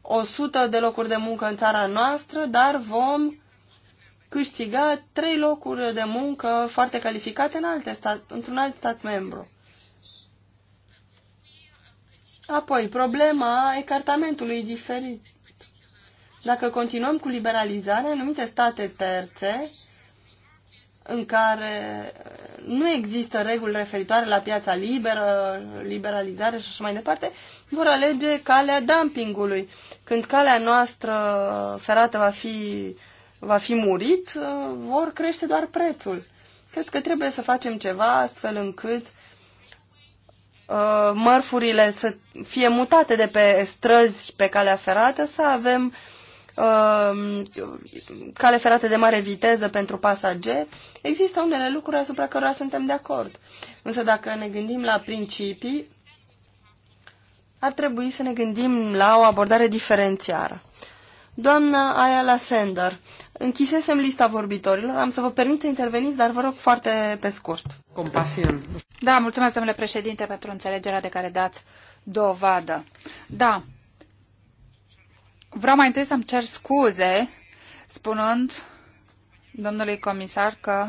[SPEAKER 1] 100 de locuri de muncă în țara noastră, dar vom câștiga 3 locuri de muncă foarte calificate în alte stat, într-un alt stat membru. Apoi, problema ecartamentului diferit. Dacă continuăm cu liberalizarea, anumite state terțe în care nu există reguli referitoare la piața liberă, liberalizare și așa mai departe, vor alege calea dumpingului. Când calea noastră ferată va fi, va fi murit, vor crește doar prețul. Cred că trebuie să facem ceva astfel încât Uh, mărfurile să fie mutate de pe străzi pe calea ferată, să avem uh, cale ferată de mare viteză pentru pasageri. Există unele lucruri asupra cărora suntem de acord. Însă dacă ne gândim la principii, ar trebui să ne gândim la o abordare diferențiară. Doamna Ayala Sender Închisesem lista vorbitorilor. Am să vă permit să interveniți, dar vă rog foarte pe scurt. Compasion. Da, mulțumesc,
[SPEAKER 2] domnule președinte, pentru înțelegerea de care dați dovadă. Da, vreau mai întâi să-mi cer scuze spunând domnului comisar că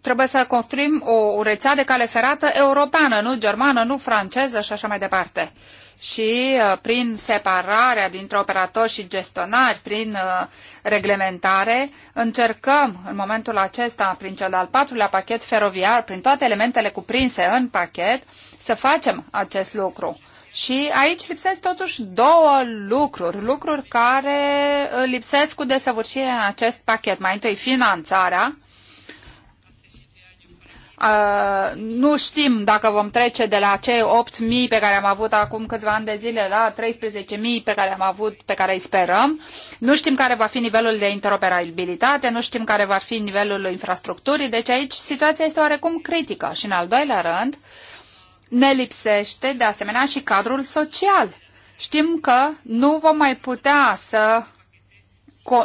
[SPEAKER 2] trebuie să construim o rețea de cale ferată europeană, nu germană, nu franceză și așa mai departe. Uh, și uh, prin separarea dintre operatori și gestionari, prin uh, reglementare, încercăm în momentul acesta, prin cel al patrulea pachet feroviar, prin toate elementele cuprinse în pachet, să facem acest lucru. Și aici lipsesc totuși două lucruri, lucruri care uh, lipsesc cu desăvârșire în acest pachet. Mai întâi finanțarea, Uh, nu știm dacă vom trece de la cei 8.000 pe care am avut acum câțiva ani de zile la 13.000 pe care am avut, pe care îi sperăm. Nu știm care va fi nivelul de interoperabilitate, nu știm care va fi nivelul infrastructurii, deci aici situația este oarecum critică. Și în al doilea rând, ne lipsește de asemenea și cadrul social. Știm că nu vom mai putea să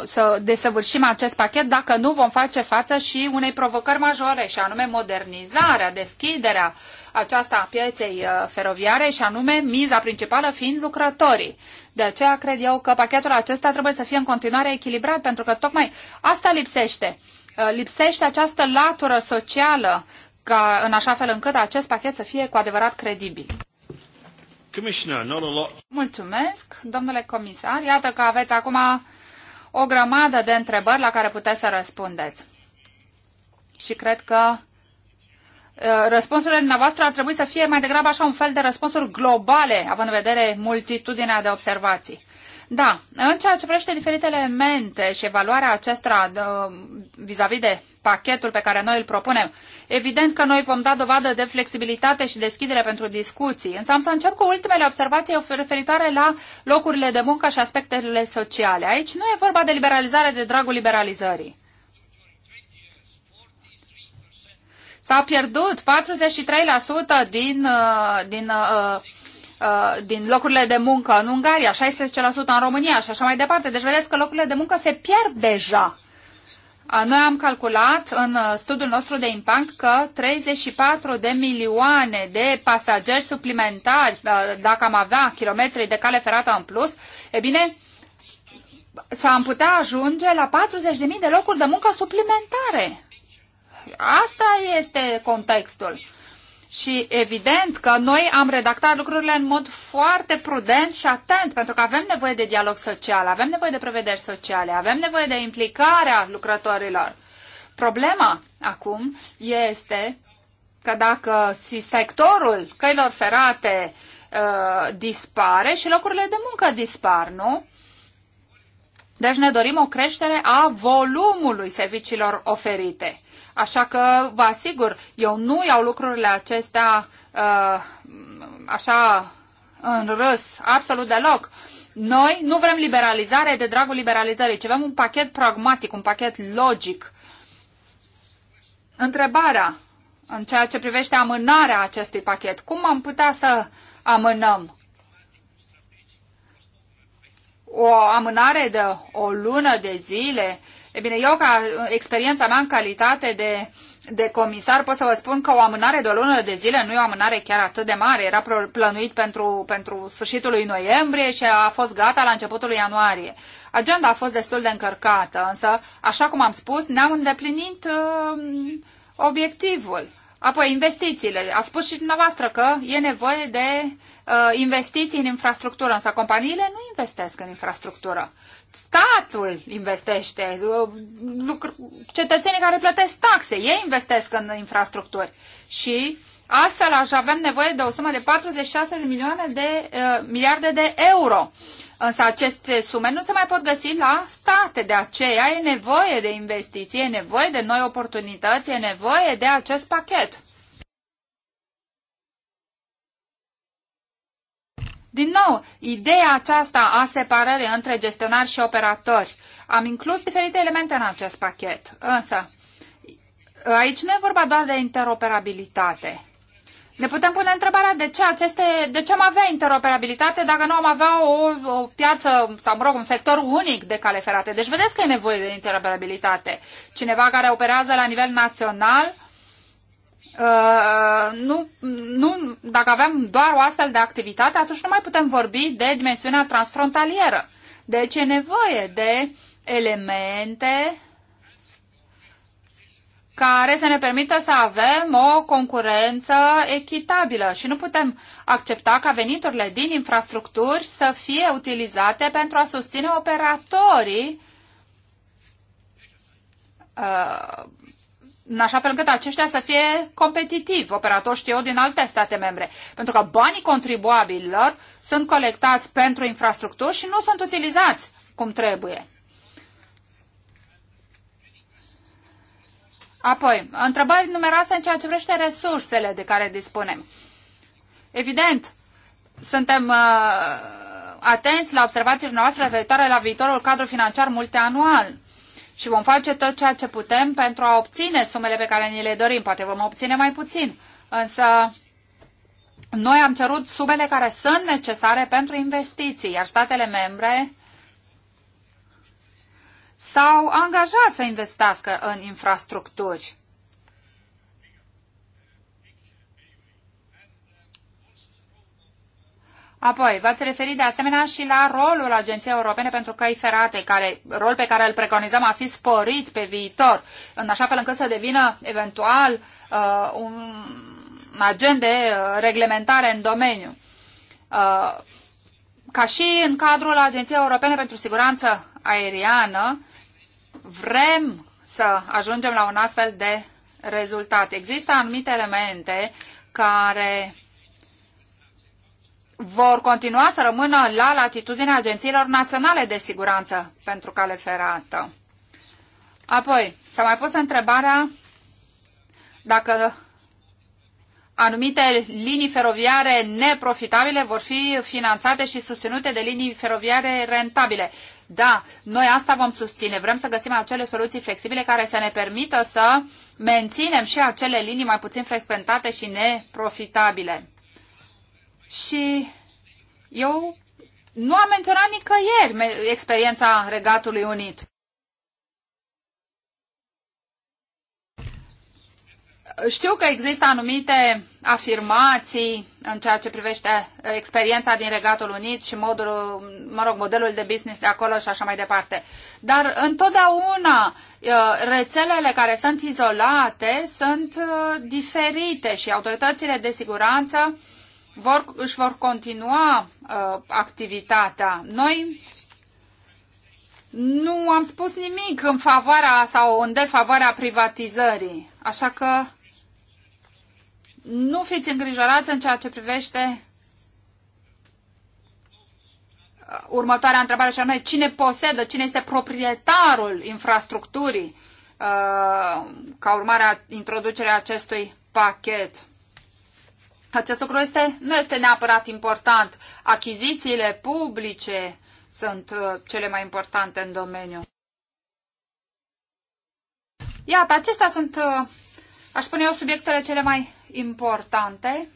[SPEAKER 2] să desăvârșim acest pachet dacă nu vom face față și unei provocări majore, și anume modernizarea, deschiderea aceasta a pieței uh, feroviare și anume miza principală fiind lucrătorii. De aceea cred eu că pachetul acesta trebuie să fie în continuare echilibrat, pentru că tocmai asta lipsește. Uh, lipsește această latură socială ca în așa fel încât acest pachet să fie cu adevărat credibil. Mulțumesc, domnule comisar. Iată că aveți acum o grămadă de întrebări la care puteți să răspundeți. Și cred că uh, răspunsurile dumneavoastră ar trebui să fie mai degrabă așa un fel de răspunsuri globale, având în vedere multitudinea de observații. Da, în ceea ce privește diferitele elemente și evaluarea acestora vis-a-vis -vis de pachetul pe care noi îl propunem, evident că noi vom da dovadă de flexibilitate și deschidere pentru discuții, însă am să încep cu ultimele observații referitoare la locurile de muncă și aspectele sociale. Aici nu e vorba de liberalizare de dragul liberalizării. S-a pierdut 43% din, din uh, uh Uh, din locurile de muncă în Ungaria, 16% în România și așa mai departe. Deci vedeți că locurile de muncă se pierd deja. Uh, noi am calculat în uh, studiul nostru de impact că 34 de milioane de pasageri suplimentari, dacă am avea kilometri de cale ferată în plus, e bine, s-am putea ajunge la 40.000 de locuri de muncă suplimentare. Asta este contextul. Și evident că noi am redactat lucrurile în mod foarte prudent și atent, pentru că avem nevoie de dialog social, avem nevoie de prevederi sociale, avem nevoie de implicarea lucrătorilor. Problema acum este că dacă sectorul căilor ferate uh, dispare și locurile de muncă dispar, nu? Deci ne dorim o creștere a volumului serviciilor oferite. Așa că vă asigur, eu nu iau lucrurile acestea uh, așa în râs, absolut deloc. Noi nu vrem liberalizare de dragul liberalizării, ci vrem un pachet pragmatic, un pachet logic. Întrebarea în ceea ce privește amânarea acestui pachet, cum am putea să amânăm? o amânare de o lună de zile. E bine, eu ca experiența mea în calitate de, de comisar pot să vă spun că o amânare de o lună de zile nu e o amânare chiar atât de mare. Era plănuit pentru, pentru sfârșitul lui noiembrie și a fost gata la începutul lui ianuarie. Agenda a fost destul de încărcată, însă, așa cum am spus, ne-am îndeplinit uh, obiectivul. Apoi, investițiile. A spus și dumneavoastră că e nevoie de uh, investiții în infrastructură, însă companiile nu investesc în infrastructură. Statul investește, uh, cetățenii care plătesc taxe, ei investesc în infrastructuri. Și astfel aș avem nevoie de o sumă de 46 de milioane de uh, miliarde de euro. Uh, Însă aceste sume nu se mai pot găsi la state, de aceea e nevoie de investiții, e nevoie de noi oportunități, e nevoie de acest pachet. Din nou, ideea aceasta a separării între gestionari și operatori. Am inclus diferite elemente în acest pachet, însă aici nu e vorba doar de interoperabilitate. Ne putem pune întrebarea de ce, aceste, de ce am avea interoperabilitate dacă nu am avea o, o piață sau, mă rog, un sector unic de cale ferate. Deci vedeți că e nevoie de interoperabilitate. Cineva care operează la nivel național, uh, nu, nu, dacă avem doar o astfel de activitate, atunci nu mai putem vorbi de dimensiunea transfrontalieră. Deci e nevoie de elemente care să ne permită să avem o concurență echitabilă și nu putem accepta ca veniturile din infrastructuri să fie utilizate pentru a susține operatorii uh, în așa fel încât aceștia să fie competitivi, operatori știu eu din alte state membre, pentru că banii contribuabililor sunt colectați pentru infrastructuri și nu sunt utilizați cum trebuie. Apoi, întrebări numeroase în ceea ce vrește resursele de care dispunem. Evident, suntem uh, atenți la observațiile noastre referitoare la viitorul cadru financiar multianual și vom face tot ceea ce putem pentru a obține sumele pe care ni le dorim. Poate vom obține mai puțin, însă noi am cerut sumele care sunt necesare pentru investiții, iar statele membre s-au angajat să investească în infrastructuri. Apoi, v-ați referit de asemenea și la rolul Agenției Europene pentru Căi Ferate, care, rol pe care îl preconizăm a fi sporit pe viitor, în așa fel încât să devină eventual uh, un agent de uh, reglementare în domeniu. Uh, ca și în cadrul Agenției Europene pentru Siguranță Aeriană, vrem să ajungem la un astfel de rezultat. Există anumite elemente care vor continua să rămână la latitudinea agențiilor naționale de siguranță pentru cale ferată. Apoi, s-a mai pus întrebarea dacă anumite linii feroviare neprofitabile vor fi finanțate și susținute de linii feroviare rentabile. Da, noi asta vom susține. Vrem să găsim acele soluții flexibile care să ne permită să menținem și acele linii mai puțin frecventate și neprofitabile. Și eu nu am menționat nicăieri experiența Regatului Unit. Știu că există anumite afirmații în ceea ce privește experiența din Regatul Unit și modul, mă rog, modelul de business de acolo și așa mai departe. Dar întotdeauna uh, rețelele care sunt izolate sunt uh, diferite și autoritățile de siguranță vor, își vor continua uh, activitatea. Noi nu am spus nimic în favoarea sau în defavoarea privatizării, așa că nu fiți îngrijorați în ceea ce privește uh, următoarea întrebare, și anume cine posedă, cine este proprietarul infrastructurii uh, ca urmare a introducerea acestui pachet. Acest lucru este, nu este neapărat important. Achizițiile publice sunt uh, cele mai importante în domeniu. Iată, acestea sunt aș spune eu, subiectele cele mai importante.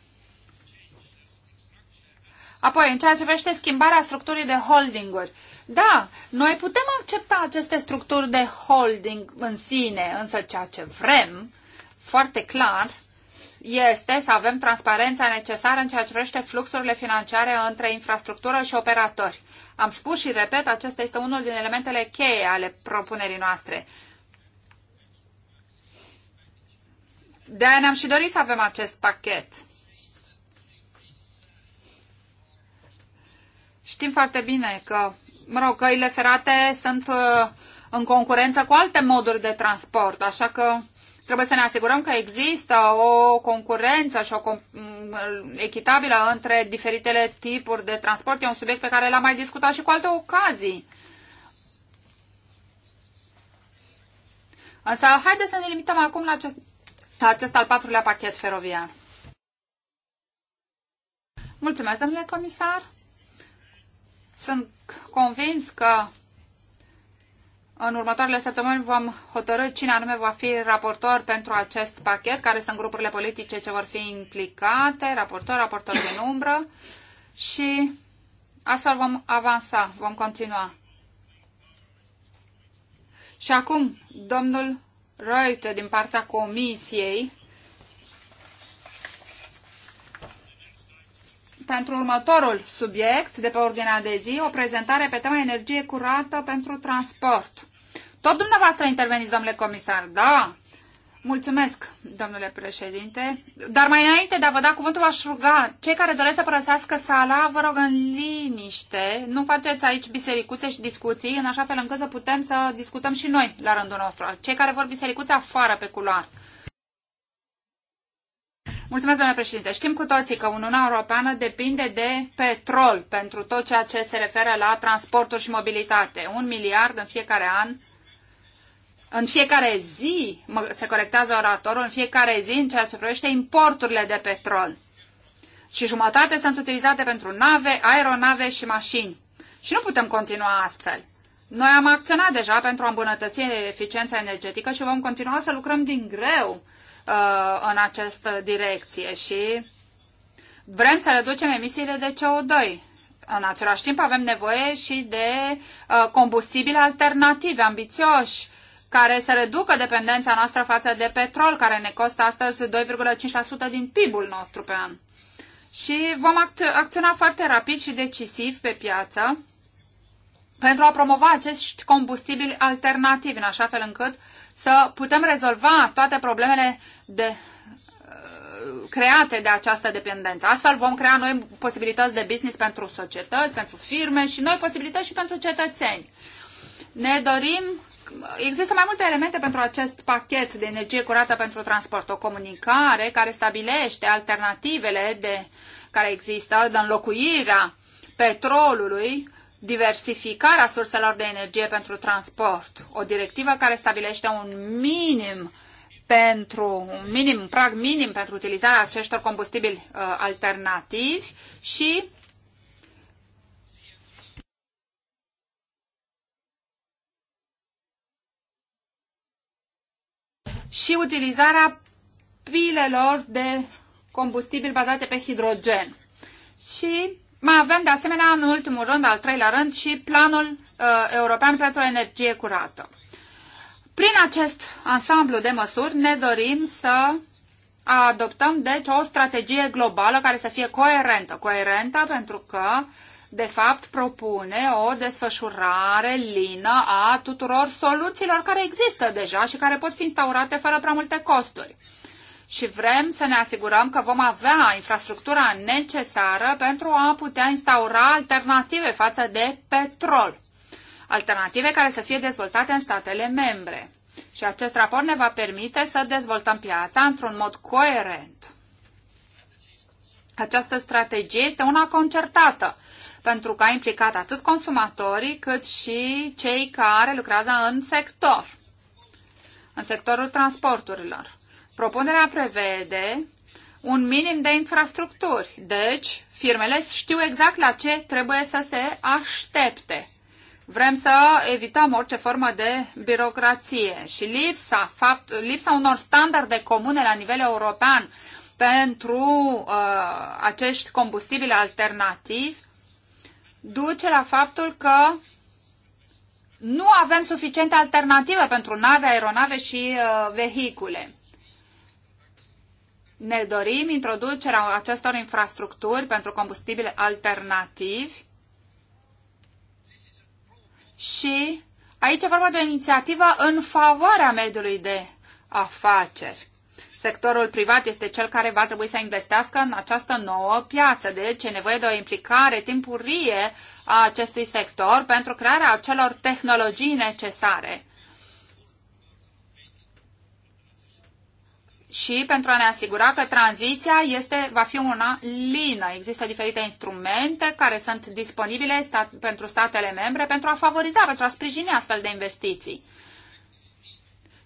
[SPEAKER 2] Apoi, în ceea ce privește schimbarea structurii de holdinguri. Da, noi putem accepta aceste structuri de holding în sine, însă ceea ce vrem, foarte clar, este să avem transparența necesară în ceea ce privește fluxurile financiare între infrastructură și operatori. Am spus și repet, acesta este unul din elementele cheie ale propunerii noastre. De-aia ne-am și dorit să avem acest pachet. Știm foarte bine că, mă rog, căile ferate sunt uh, în concurență cu alte moduri de transport, așa că trebuie să ne asigurăm că există o concurență și o echitabilă între diferitele tipuri de transport. E un subiect pe care l-am mai discutat și cu alte ocazii. Însă, haideți să ne limităm acum la acest acest al patrulea pachet feroviar. Mulțumesc, domnule comisar. Sunt convins că în următoarele săptămâni vom hotărâ cine anume va fi raportor pentru acest pachet, care sunt grupurile politice ce vor fi implicate, raportor, raportor de umbră și astfel vom avansa, vom continua. Și acum, domnul Reuter din partea Comisiei pentru următorul subiect de pe ordinea de zi, o prezentare pe tema energie curată pentru transport. Tot dumneavoastră interveniți, domnule comisar, da? Mulțumesc, domnule președinte. Dar mai înainte de a vă da cuvântul, v-aș ruga, cei care doresc să părăsească sala, vă rog în liniște, nu faceți aici bisericuțe și discuții, în așa fel încât să putem să discutăm și noi la rândul nostru. Cei care vor bisericuțe afară pe culoar. Mulțumesc, domnule președinte. Știm cu toții că Uniunea Europeană depinde de petrol pentru tot ceea ce se referă la transporturi și mobilitate. Un miliard în fiecare an în fiecare zi, se corectează oratorul, în fiecare zi în ceea ce privește importurile de petrol. Și jumătate sunt utilizate pentru nave, aeronave și mașini. Și nu putem continua astfel. Noi am acționat deja pentru a îmbunătăți eficiența energetică și vom continua să lucrăm din greu uh, în această direcție și vrem să reducem emisiile de CO2. În același timp avem nevoie și de uh, combustibile alternative, ambițioși, care să reducă dependența noastră față de petrol, care ne costă astăzi 2,5% din PIB-ul nostru pe an. Și vom act acționa foarte rapid și decisiv pe piață pentru a promova acești combustibili alternativi, în așa fel încât să putem rezolva toate problemele de, uh, create de această dependență. Astfel vom crea noi posibilități de business pentru societăți, pentru firme și noi posibilități și pentru cetățeni. Ne dorim există mai multe elemente pentru acest pachet de energie curată pentru transport. O comunicare care stabilește alternativele de, care există, de înlocuirea petrolului, diversificarea surselor de energie pentru transport. O directivă care stabilește un minim pentru un minim, un prag minim pentru utilizarea acestor combustibili uh, alternativi și și utilizarea pilelor de combustibil bazate pe hidrogen. Și mai avem, de asemenea, în ultimul rând, al treilea rând, și planul uh, european pentru energie curată. Prin acest ansamblu de măsuri ne dorim să adoptăm, deci, o strategie globală care să fie coerentă. Coerentă pentru că uh, de fapt, propune o desfășurare lină a tuturor soluțiilor care există deja și care pot fi instaurate fără prea multe costuri. Și vrem să ne asigurăm că vom avea infrastructura necesară pentru a putea instaura alternative față de petrol. Alternative care să fie dezvoltate în statele membre. Și acest raport ne va permite să dezvoltăm piața într-un mod coerent. Această strategie este una concertată pentru că a implicat atât consumatorii cât și cei care lucrează în sector, în sectorul transporturilor. Propunerea prevede un minim de infrastructuri, deci firmele știu exact la ce trebuie să se aștepte. Vrem să evităm orice formă de birocrație și lipsa, fapt, lipsa unor standarde comune la nivel european pentru uh, acești combustibili alternativi duce la faptul că nu avem suficiente alternative pentru nave, aeronave și uh, vehicule. Ne dorim introducerea acestor infrastructuri pentru combustibile alternativi și aici e vorba de o inițiativă în favoarea mediului de afaceri. Sectorul privat este cel care va trebui să investească în această nouă piață, deci e nevoie de o implicare timpurie a acestui sector pentru crearea acelor tehnologii necesare. și pentru a ne asigura că tranziția este, va fi una lină. Există diferite instrumente care sunt disponibile stat, pentru statele membre pentru a favoriza, pentru a sprijini astfel de investiții.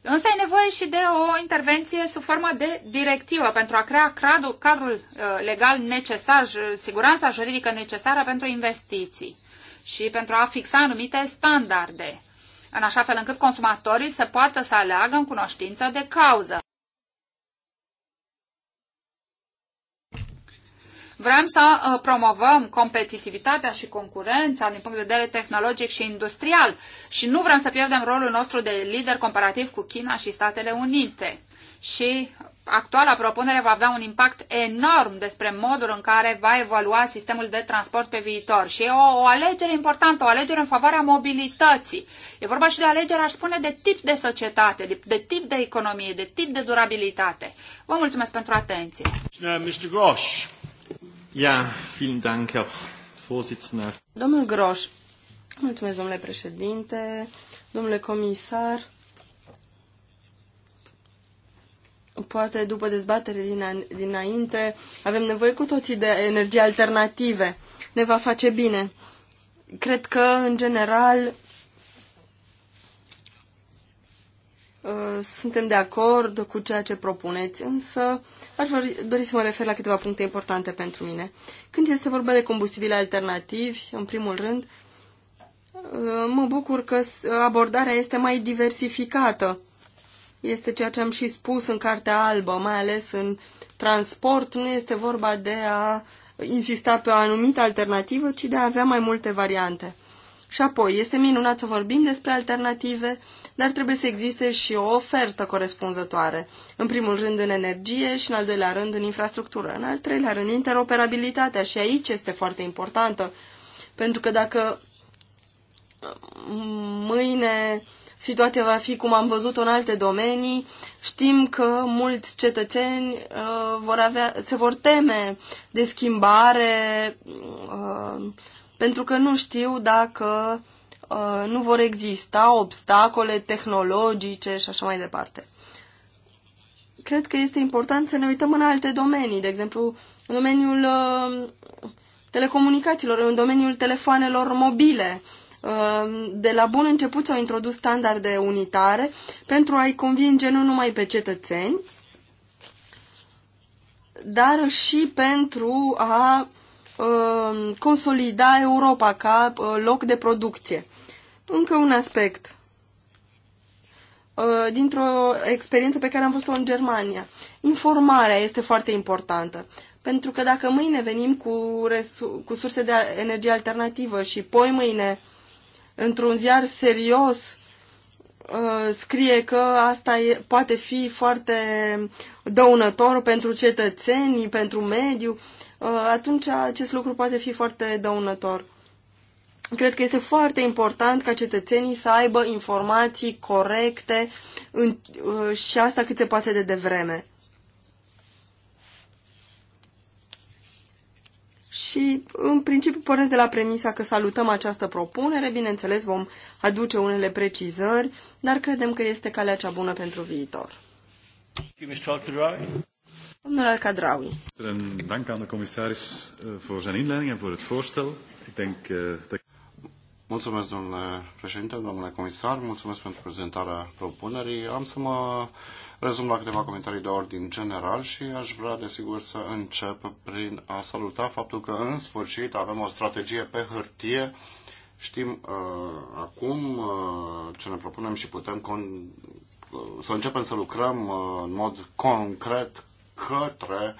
[SPEAKER 2] Însă e nevoie și de o intervenție sub formă de directivă pentru a crea cadrul, cadrul uh, legal necesar, siguranța juridică necesară pentru investiții și pentru a fixa anumite standarde, în așa fel încât consumatorii să poată să aleagă în cunoștință de cauză. Vrem să uh, promovăm competitivitatea și concurența din punct de vedere tehnologic și industrial și nu vrem să pierdem rolul nostru de lider comparativ cu China și Statele Unite. Și actuala propunere va avea un impact enorm despre modul în care va evolua sistemul de transport pe viitor. Și e o, o alegere importantă, o alegere în favoarea mobilității. E vorba și de alegere, aș spune, de tip de societate, de, de tip de economie, de tip de durabilitate. Vă mulțumesc pentru atenție.
[SPEAKER 3] Mr. Grosch. Ja,
[SPEAKER 1] vielen Dank, Herr Vorsitzender. Domnul Groș, mulțumesc, domnule președinte, domnule comisar. Poate după dezbatere din, dinainte avem nevoie cu toții de energie alternative. Ne va face bine. Cred că, în general, Uh, suntem de acord cu ceea ce propuneți, însă aș dori să mă refer la câteva puncte importante pentru mine. Când este vorba de combustibili alternativi, în primul rând, uh, mă bucur că abordarea este mai diversificată. Este ceea ce am și spus în Cartea Albă, mai ales în transport. Nu este vorba de a insista pe o anumită alternativă, ci de a avea mai multe variante. Și apoi, este minunat să vorbim despre alternative, dar trebuie să existe și o ofertă corespunzătoare. În primul rând în energie și în al doilea rând în infrastructură. În al treilea rând în interoperabilitatea și aici este foarte importantă. Pentru că dacă mâine situația va fi cum am văzut în alte domenii, știm că mulți cetățeni uh, vor avea, se vor teme de schimbare uh, pentru că nu știu dacă uh, nu vor exista obstacole tehnologice și așa mai departe. Cred că este important să ne uităm în alte domenii, de exemplu, în domeniul uh, telecomunicațiilor, în domeniul telefoanelor mobile. Uh, de la bun început s-au introdus standarde unitare pentru a-i convinge nu numai pe cetățeni, dar și pentru a Uh, consolida Europa ca uh, loc de producție. Încă un aspect uh, dintr-o experiență pe care am văzut-o în Germania. Informarea este foarte importantă. Pentru că dacă mâine venim cu, cu surse de energie alternativă și poi mâine într-un ziar serios scrie că asta e, poate fi foarte dăunător pentru cetățenii, pentru mediu. Uh, atunci acest lucru poate fi foarte dăunător. Cred că este foarte important ca cetățenii să aibă informații corecte în, uh, și asta cât se poate de devreme. Și, în principiu, pornesc de la premisa că salutăm această propunere, bineînțeles vom aduce unele precizări, dar credem că este calea cea bună pentru viitor. Domnul Alcadraui.
[SPEAKER 3] Dank aan de commissaris eh, voor zijn inleiding en voor het voorstel. Ik denk eh, dat... Mulțumesc, domnule președinte, domnule comisar, mulțumesc pentru prezentarea propunerii. Am să mă rezum la câteva comentarii de ordin general și aș vrea, desigur, să încep prin a saluta faptul că, în sfârșit, avem o strategie pe hârtie. Știm uh, acum uh, ce ne propunem și putem con- să începem să lucrăm uh, în mod concret către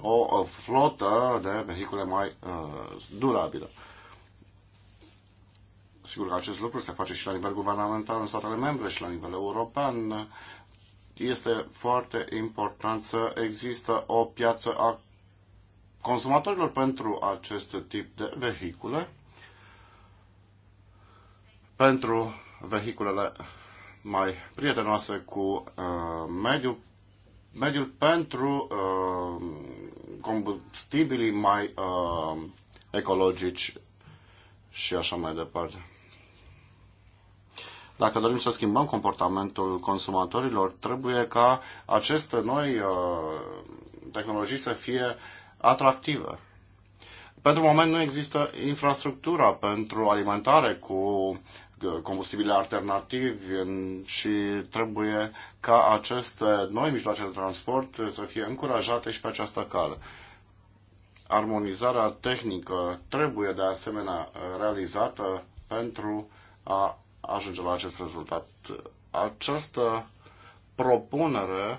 [SPEAKER 3] o flotă de vehicule mai uh, durabilă. Sigur că acest lucru se face și la nivel guvernamental în statele membre și la nivel european. Este foarte important să există o piață a consumatorilor pentru acest tip de vehicule, pentru vehiculele mai prietenoase cu uh, mediul, mediul pentru uh, combustibilii mai uh, ecologici și așa mai departe. Dacă dorim să schimbăm comportamentul consumatorilor, trebuie ca aceste noi uh, tehnologii să fie atractive. Pentru moment nu există infrastructura pentru alimentare cu combustibile alternativi și trebuie ca aceste noi mijloace de transport să fie încurajate și pe această cale. Armonizarea tehnică trebuie de asemenea realizată pentru a ajunge la acest rezultat. Această propunere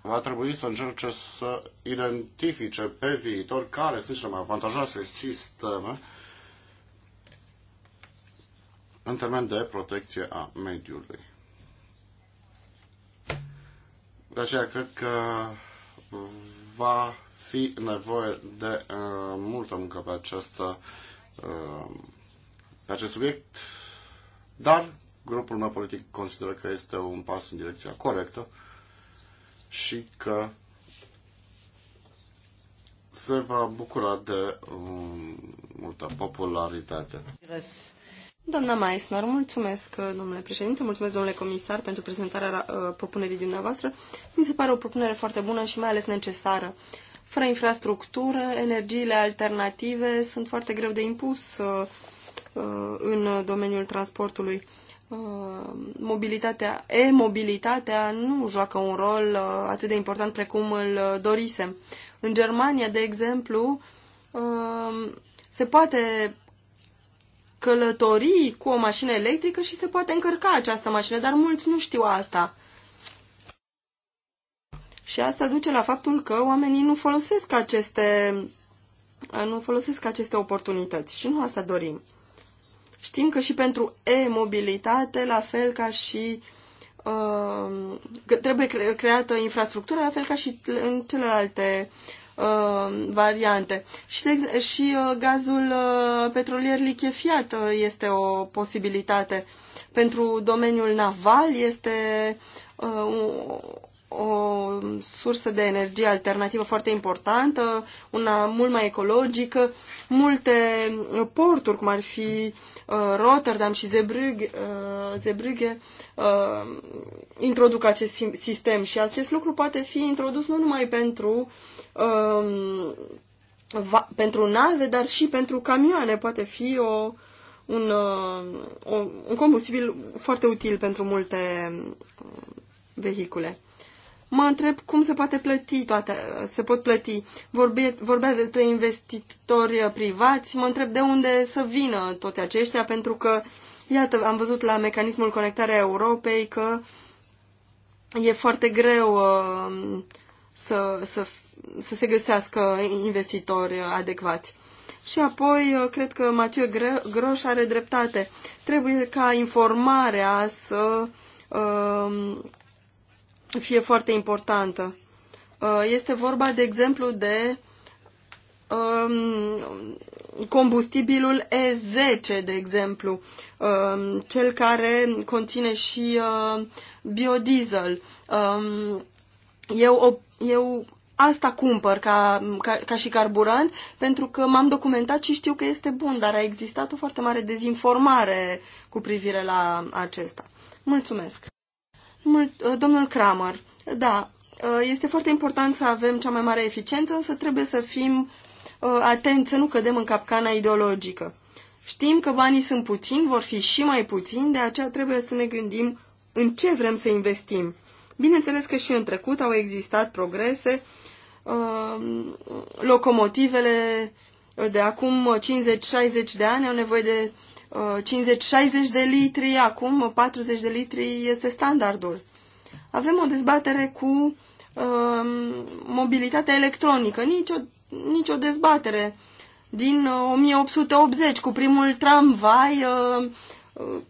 [SPEAKER 3] va trebui să încerce să identifice pe viitor care sunt cele mai avantajoase sisteme în termen de protecție a mediului. De aceea cred că va fi nevoie de uh, multă muncă pe, această, uh, pe acest subiect, dar grupul meu politic consideră că este un pas în direcția corectă și că se va bucura de um, multă popularitate. Yes.
[SPEAKER 1] Doamna Meissner, mulțumesc, uh, domnule președinte, mulțumesc, domnule comisar, pentru prezentarea uh, propunerii dumneavoastră. Mi se pare o propunere foarte bună și mai ales necesară. Fără infrastructură, energiile alternative sunt foarte greu de impus uh, uh, în domeniul transportului. Uh, mobilitatea, e-mobilitatea nu joacă un rol uh, atât de important precum îl dorisem. În Germania, de exemplu, se poate călători cu o mașină electrică și se poate încărca această mașină, dar mulți nu știu asta. Și asta duce la faptul că oamenii nu folosesc aceste, nu folosesc aceste oportunități și nu asta dorim. Știm că și pentru e-mobilitate, la fel ca și uh, trebuie creată infrastructura, la fel ca și în celelalte Uh, variante. Și, de, și uh, gazul uh, petrolier lichefiat uh, este o posibilitate. Pentru domeniul naval este uh, o, o sursă de energie alternativă foarte importantă, una mult mai ecologică. Multe uh, porturi, cum ar fi uh, Rotterdam și Zebrugge uh, uh, introduc acest sistem și acest lucru poate fi introdus nu numai pentru um, va, pentru nave, dar și pentru camioane. Poate fi o, un, uh, o, un combustibil foarte util pentru multe um, vehicule. Mă întreb cum se poate plăti toate, se pot plăti. Vorbe, vorbea despre investitori privați, mă întreb de unde să vină toți aceștia, pentru că, iată, am văzut la mecanismul conectarea Europei că e foarte greu uh, să, să să se găsească investitori adecvați. Și apoi, uh, cred că Matiu Groș are dreptate. Trebuie ca informarea să um, fie foarte importantă. Uh, este vorba, de exemplu, de um, combustibilul E10, de exemplu, um, cel care conține și uh, biodiesel. eu, eu asta cumpăr ca, ca, ca și carburant, pentru că m-am documentat și știu că este bun, dar a existat o foarte mare dezinformare cu privire la acesta. Mulțumesc. Mul- uh, domnul Kramer, da, uh, este foarte important să avem cea mai mare eficiență, însă trebuie să fim uh, atenți, să nu cădem în capcana ideologică. Știm că banii sunt puțini, vor fi și mai puțini, de aceea trebuie să ne gândim în ce vrem să investim. Bineînțeles că și în trecut au existat progrese Um, locomotivele de acum 50-60 de ani au nevoie de 50-60 uh, de litri, acum 40 uh, de litri este standardul. Avem o dezbatere cu um, mobilitatea electronică, nicio, nicio dezbatere din 1880 uh, cu primul tramvai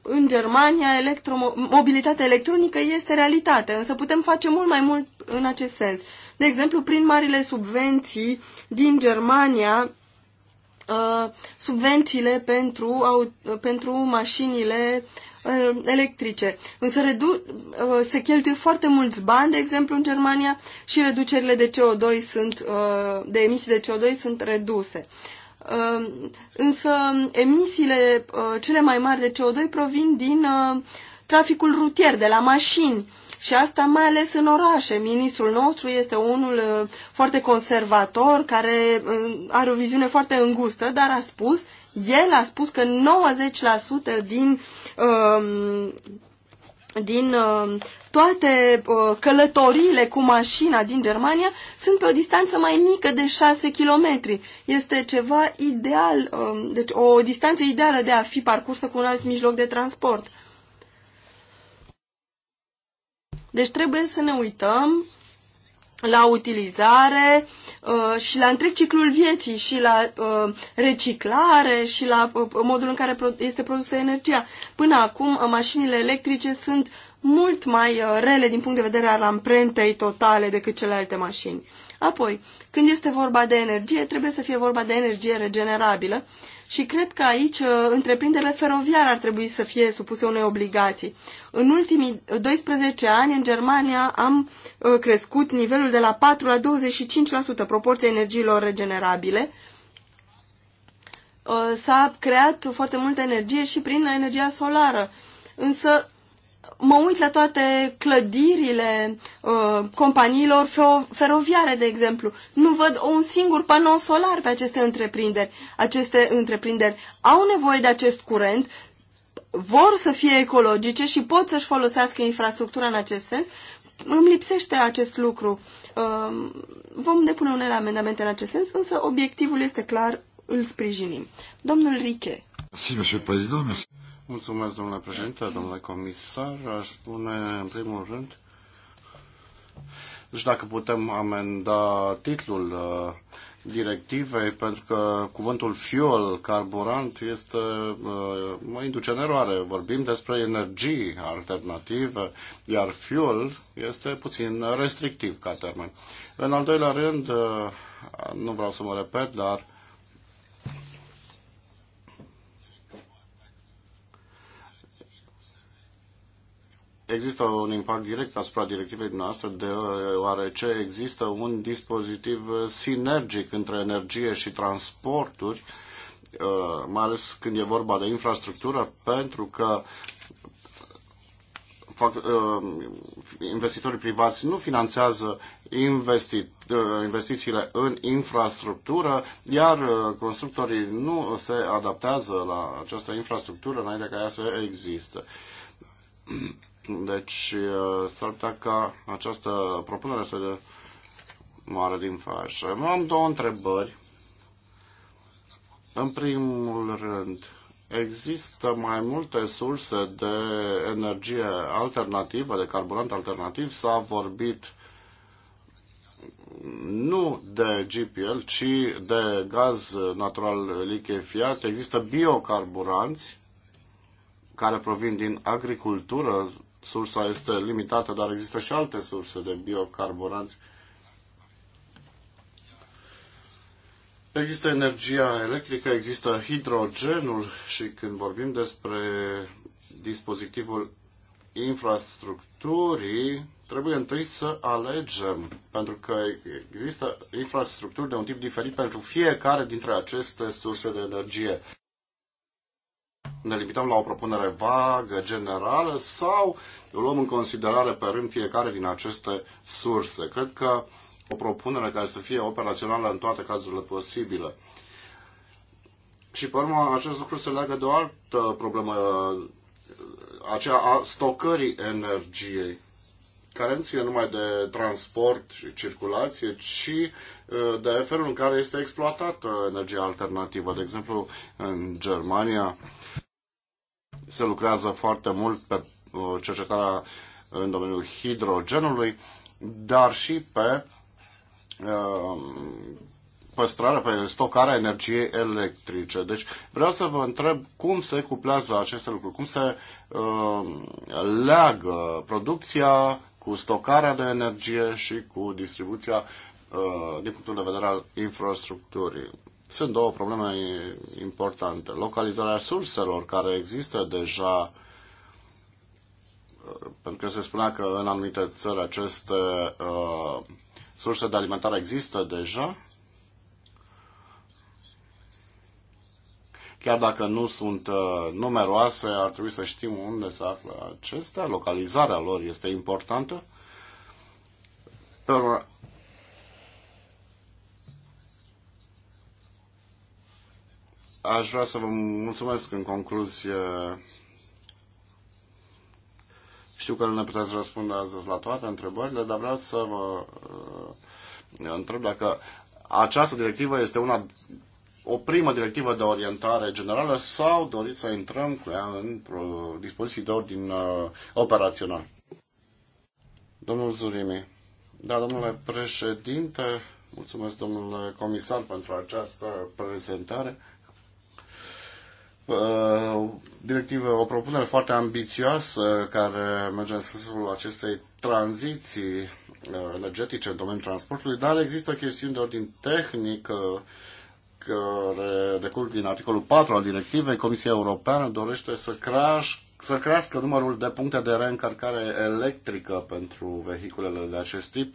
[SPEAKER 1] în Germania electro, mobilitatea electronică este realitate, însă putem face mult mai mult în acest sens de exemplu, prin marile subvenții din Germania, uh, subvențiile pentru, pentru mașinile uh, electrice. Însă redu- uh, se cheltuie foarte mulți bani, de exemplu, în Germania și reducerile de CO2 sunt, de emisii de CO2 sunt reduse. Însă emisiile cele mai mari de CO2 provin din traficul rutier, de la mașini și asta mai ales în orașe. Ministrul nostru este unul uh, foarte conservator, care uh, are o viziune foarte îngustă, dar a spus, el a spus că 90% din, um, din um, toate uh, călătoriile cu mașina din Germania sunt pe o distanță mai mică de 6 km. Este ceva ideal, um, deci o distanță ideală de a fi parcursă cu un alt mijloc de transport. Deci trebuie să ne uităm la utilizare uh, și la întreg ciclul vieții și la uh, reciclare și la uh, modul în care este produsă energia. Până acum, mașinile electrice sunt mult mai uh, rele din punct de vedere al amprentei totale decât celelalte mașini. Apoi, când este vorba de energie, trebuie să fie vorba de energie regenerabilă și cred că aici uh, întreprinderile feroviare ar trebui să fie supuse unei obligații. În ultimii 12 ani, în Germania, am uh, crescut nivelul de la 4 la 25% proporția energiilor regenerabile. Uh, s-a creat foarte multă energie și prin energia solară. Însă, mă uit la toate clădirile uh, companiilor feroviare, de exemplu. Nu văd un singur panou solar pe aceste întreprinderi. Aceste întreprinderi au nevoie de acest curent, vor să fie ecologice și pot să-și folosească infrastructura în acest sens, îmi lipsește acest lucru. Ehm, vom depune unele amendamente în acest sens, însă obiectivul este clar, îl sprijinim. Domnul Riche.
[SPEAKER 3] Mulțumesc, domnule președinte, domnule comisar. Aș spune, în primul rând, deci dacă putem amenda titlul uh, directivei, pentru că cuvântul fuel, carburant, este, uh, mă induce în eroare. Vorbim despre energii alternative, iar fuel este puțin restrictiv ca termen. În al doilea rând, uh, nu vreau să mă repet, dar există un impact direct asupra directivei noastre, deoarece există un dispozitiv sinergic între energie și transporturi, uh, mai ales când e vorba de infrastructură, pentru că uh, investitorii privați nu finanțează investi, uh, investițiile în infrastructură, iar constructorii nu se adaptează la această infrastructură înainte ca ea să existe. Deci uh, s-ar putea ca această propunere să moară din fașă. Am două întrebări. În primul rând, există mai multe surse de energie alternativă, de carburant alternativ. S-a vorbit nu de GPL, ci de gaz natural lichefiat. Există biocarburanți care provin din agricultură, sursa este limitată, dar există și alte surse de biocarburanți. Există energia electrică, există hidrogenul și când vorbim despre dispozitivul infrastructurii, trebuie întâi să alegem, pentru că există infrastructuri de un tip diferit pentru fiecare dintre aceste surse de energie ne limităm la o propunere vagă, generală sau luăm în considerare pe rând fiecare din aceste surse. Cred că o propunere care să fie operațională în toate cazurile posibile. Și pe urmă, acest lucru se leagă de o altă problemă, aceea a stocării energiei care nu ține numai de transport și circulație, ci uh, de felul în care este exploatată energia alternativă. De exemplu, în Germania se lucrează foarte mult pe uh, cercetarea în domeniul hidrogenului, dar și pe uh, păstrarea, pe stocarea energiei electrice. Deci vreau să vă întreb cum se cuplează aceste lucruri, cum se uh, leagă producția cu stocarea de energie și cu distribuția uh, din punctul de vedere al infrastructurii. Sunt două probleme importante. Localizarea surselor care există deja, uh, pentru că se spunea că în anumite țări aceste uh, surse de alimentare există deja, Chiar dacă nu sunt uh, numeroase, ar trebui să știm unde se află acestea. Localizarea lor este importantă. Dar uh, aș vrea să vă mulțumesc în concluzie. Știu că nu ne puteți răspunde azi la toate întrebările, dar vreau să vă uh, întreb dacă această directivă este una o primă directivă de orientare generală sau doriți să intrăm cu ea în dispoziții de ordin uh, operațional? Domnul Zurimi. Da, domnule președinte, mulțumesc domnule comisar pentru această prezentare. Uh, directivă, o propunere foarte ambițioasă care merge în sensul acestei tranziții uh, energetice în domeniul transportului, dar există chestiuni de ordin tehnic care decurg din articolul 4 al directivei, Comisia Europeană dorește să, creaș, să crească numărul de puncte de reîncărcare electrică pentru vehiculele de acest tip,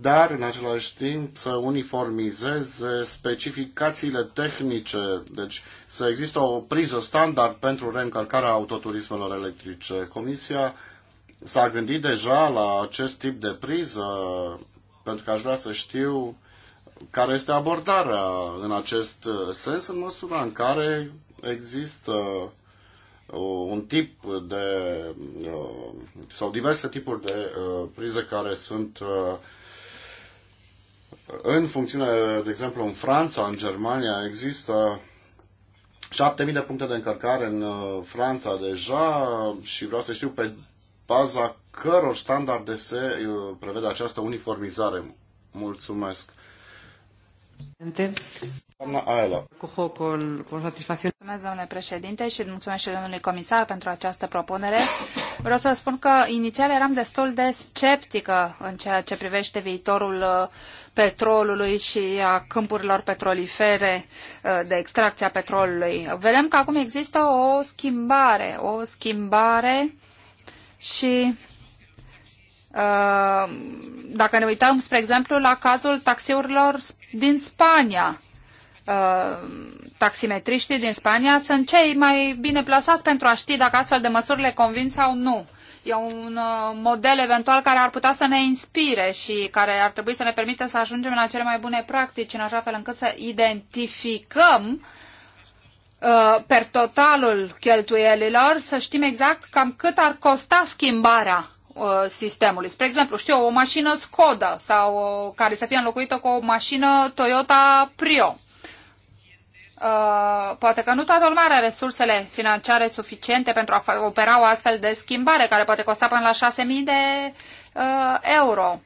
[SPEAKER 3] dar în același timp să uniformizeze specificațiile tehnice, deci să există o priză standard pentru reîncărcarea autoturismelor electrice. Comisia s-a gândit deja la acest tip de priză, pentru că aș vrea să știu care este abordarea în acest uh, sens, în măsura în care există uh, un tip de uh, sau diverse tipuri de prize care sunt în funcțiune, de exemplu, în Franța, în Germania există 7000 de puncte de încărcare în Franța deja și vreau să știu pe baza căror standarde se prevede această uniformizare. Mulțumesc. Doamna Aela. Mulțumesc,
[SPEAKER 2] domnule președinte, și mulțumesc și domnului comisar pentru această propunere. Vreau să vă spun că inițial eram destul de sceptică în ceea ce privește viitorul uh, petrolului și a câmpurilor petrolifere uh, de extracție a petrolului. Vedem că acum există o schimbare, o schimbare și Uh, dacă ne uităm, spre exemplu, la cazul taxiurilor din Spania, uh, taximetriștii din Spania sunt cei mai bine plasați pentru a ști dacă astfel de măsuri le convin sau nu. E un uh, model eventual care ar putea să ne inspire și care ar trebui să ne permită să ajungem la cele mai bune practici, în așa fel încât să identificăm per totalul cheltuielilor, să știm exact cam cât ar costa schimbarea Uh, sistemului. Spre exemplu, știu, o mașină Skoda sau uh, care să fie înlocuită cu o mașină Toyota Prio. Uh, poate că nu toată lumea are resursele financiare suficiente pentru a opera o astfel de schimbare, care poate costa până la 6.000 de uh, euro.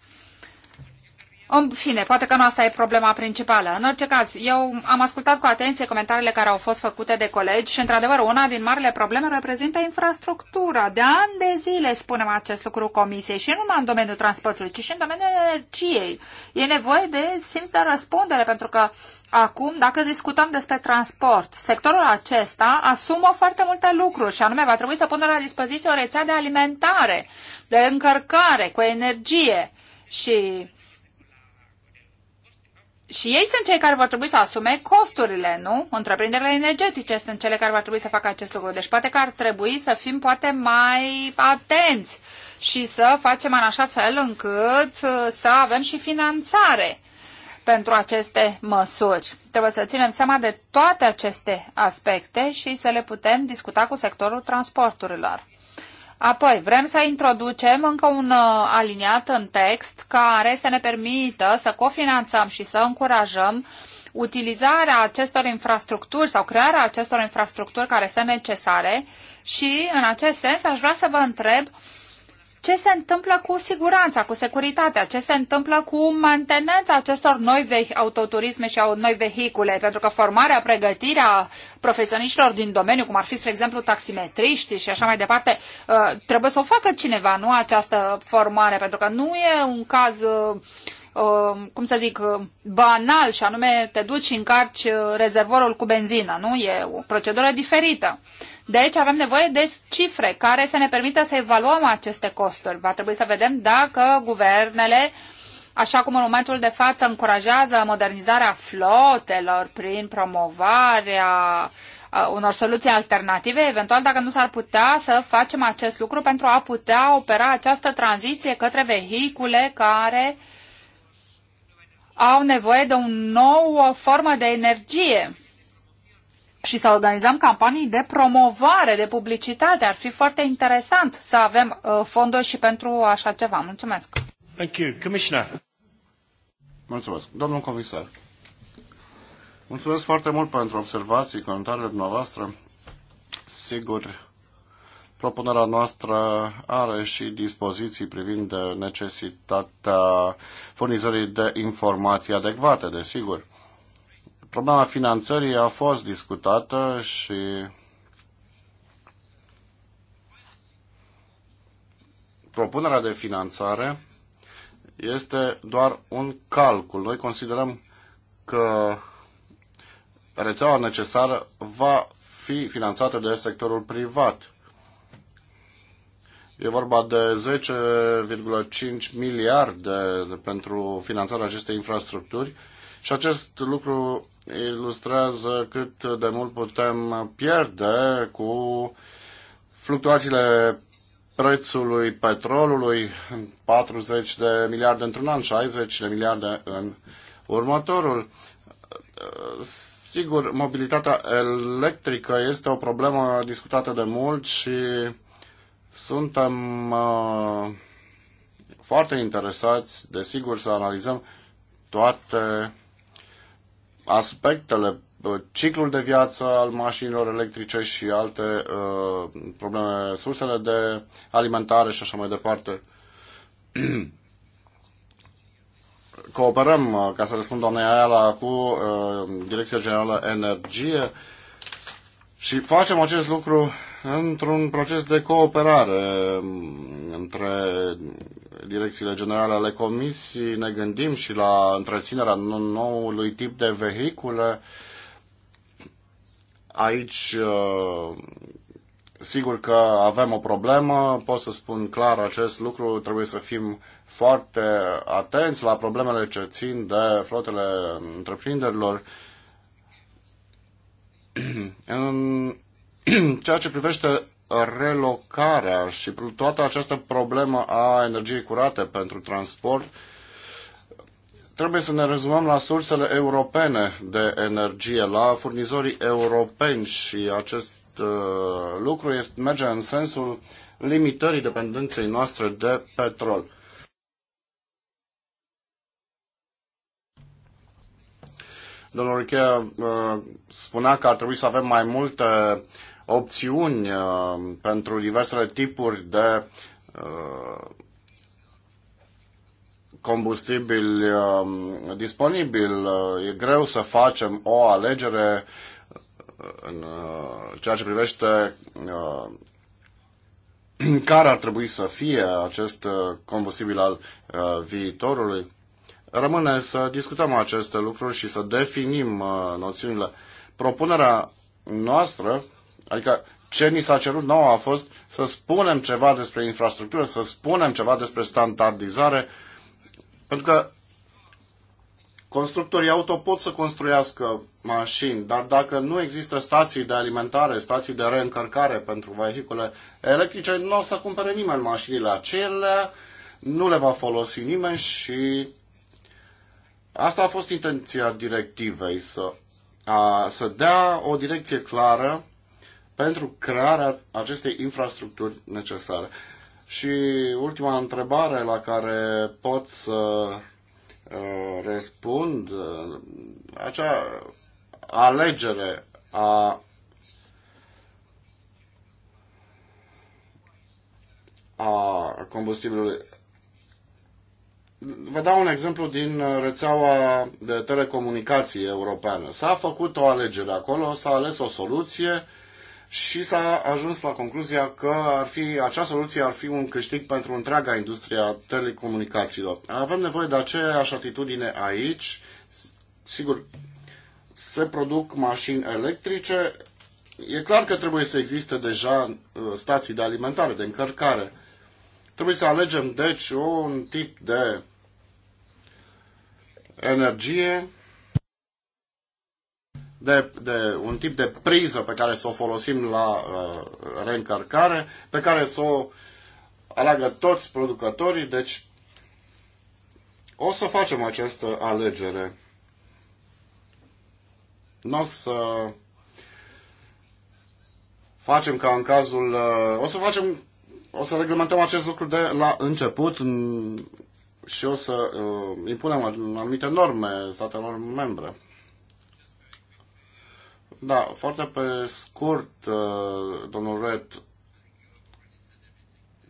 [SPEAKER 2] În fine, poate că nu asta e problema principală. În orice caz, eu am ascultat cu atenție comentariile care au fost făcute de colegi și, într-adevăr, una din marile probleme reprezintă infrastructura. De ani de zile spunem acest lucru comisiei și nu numai în domeniul transportului, ci și în domeniul energiei. E nevoie de simț de răspundere, pentru că acum, dacă discutăm despre transport, sectorul acesta asumă foarte multe lucruri și anume va trebui să pună la dispoziție o rețea de alimentare, de încărcare cu energie și și ei sunt cei care vor trebui să asume costurile, nu? Întreprinderile energetice sunt cele care vor trebui să facă acest lucru. Deci poate că ar trebui să fim poate mai atenți și să facem în așa fel încât uh, să avem și finanțare pentru aceste măsuri. Trebuie să ținem seama de toate aceste aspecte și să le putem discuta cu sectorul transporturilor. Apoi, vrem să introducem încă un uh, aliniat în text care să ne permită să cofinanțăm și să încurajăm utilizarea acestor infrastructuri sau crearea acestor infrastructuri care sunt necesare și, în acest sens, aș vrea să vă întreb uh, ce se întâmplă cu siguranța, cu securitatea, ce se întâmplă cu mantenența acestor noi autoturisme și noi vehicule, pentru că formarea, pregătirea profesioniștilor din domeniu, cum ar fi, spre exemplu, taximetriștii și așa mai departe, ă, trebuie să o facă cineva, nu această formare, pentru că nu e un caz ă, Uh, cum să zic, uh, banal și anume te duci și încarci uh, rezervorul cu benzină, nu? E o procedură diferită. Deci avem nevoie de cifre care să ne permită să evaluăm aceste costuri. Va trebui să vedem dacă guvernele Așa cum în momentul de față încurajează modernizarea flotelor prin promovarea unor soluții alternative, eventual dacă nu s-ar putea să facem acest lucru pentru a putea opera această tranziție către vehicule care uh, au nevoie de o nouă uh, formă de energie și să organizăm campanii de promovare, de publicitate. Ar fi foarte interesant să avem uh, fonduri și pentru așa ceva. Mulțumesc.
[SPEAKER 3] Thank you. Commissioner. Mulțumesc. Domnul comisar. Mulțumesc foarte mult pentru observații, comentariile dumneavoastră. Sigur, Propunerea noastră are și dispoziții privind necesitatea furnizării de informații adecvate, desigur. Problema finanțării a fost discutată și propunerea de finanțare este doar un calcul. Noi considerăm că rețeaua necesară va fi finanțată de sectorul privat. E vorba de 10,5 miliarde pentru finanțarea acestei infrastructuri și acest lucru ilustrează cât de mult putem pierde cu fluctuațiile prețului petrolului 40 de miliarde într-un an, 60 de miliarde în următorul. Sigur, mobilitatea electrică este o problemă discutată de mult și suntem uh, foarte interesați, desigur, să analizăm toate aspectele, uh, ciclul de viață al mașinilor electrice și alte uh, probleme, sursele de alimentare și așa mai departe. Cooperăm, uh, ca să răspund doamnei la cu uh, Direcția Generală Energie și facem acest lucru într-un proces de cooperare mm, între direcțiile generale ale comisiei. Ne gândim și la întreținerea noului tip de vehicule. Aici, uh, sigur că avem o problemă, pot să spun clar acest lucru, trebuie să fim foarte atenți la problemele ce țin de flotele întreprinderilor. În ceea ce privește relocarea și toată această problemă a energiei curate pentru transport, trebuie să ne rezumăm la sursele europene de energie, la furnizorii europeni și acest uh, lucru este, merge în sensul limitării dependenței noastre de petrol. Domnul Richea uh, spunea că ar trebui să avem mai multe uh, opțiuni uh, pentru diversele tipuri de uh, combustibil uh, disponibil. E greu să facem o alegere în ceea ce privește care ar trebui să fie acest combustibil al viitorului. Rămâne să discutăm aceste lucruri și să definim noțiunile. Propunerea noastră Adică ce ni s-a cerut nouă a fost să spunem ceva despre infrastructură, să spunem ceva despre standardizare, pentru că constructorii auto pot să construiască mașini, dar dacă nu există stații de alimentare, stații de reîncărcare pentru vehicule electrice, nu o să cumpere nimeni mașinile acelea, nu le va folosi nimeni și asta a fost intenția directivei, să, a, să dea o direcție clară pentru crearea acestei infrastructuri necesare. Și ultima întrebare la care pot să uh, răspund, uh, acea alegere a a combustibilului. Vă dau un exemplu din rețeaua de telecomunicații europeană. S-a făcut o alegere acolo, s-a ales o soluție uh, și s-a ajuns la concluzia că ar fi, acea soluție ar fi un câștig pentru întreaga industrie a telecomunicațiilor. Avem nevoie de aceeași atitudine aici. Sigur, se produc mașini electrice. E clar că trebuie să existe deja uh, stații de alimentare, de încărcare. Trebuie să alegem, deci, un tip de energie de, de un tip de priză pe care să o folosim la uh, reîncărcare, pe care să o aleagă toți producătorii, deci o să facem această alegere. Nu o să facem ca în cazul... Uh, o să facem... O să reglementăm acest lucru de la început în, și o să uh, impunem anumite norme statelor membre. Da, foarte pe scurt, uh, domnul Red,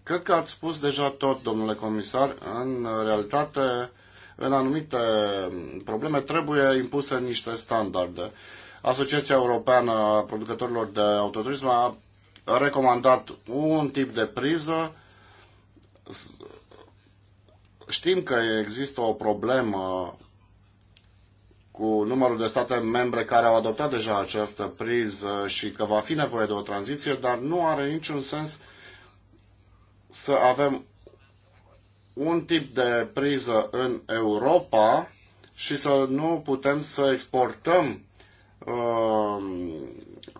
[SPEAKER 3] cred că ați spus deja tot, domnule comisar. În realitate, în anumite probleme trebuie impuse niște standarde. Asociația Europeană a Producătorilor de Autoturism a recomandat un tip de priză. Știm că există o problemă cu numărul de state membre care au adoptat deja această priză și că va fi nevoie de o tranziție, dar nu are niciun sens să avem un tip de priză în Europa și să nu putem să exportăm uh,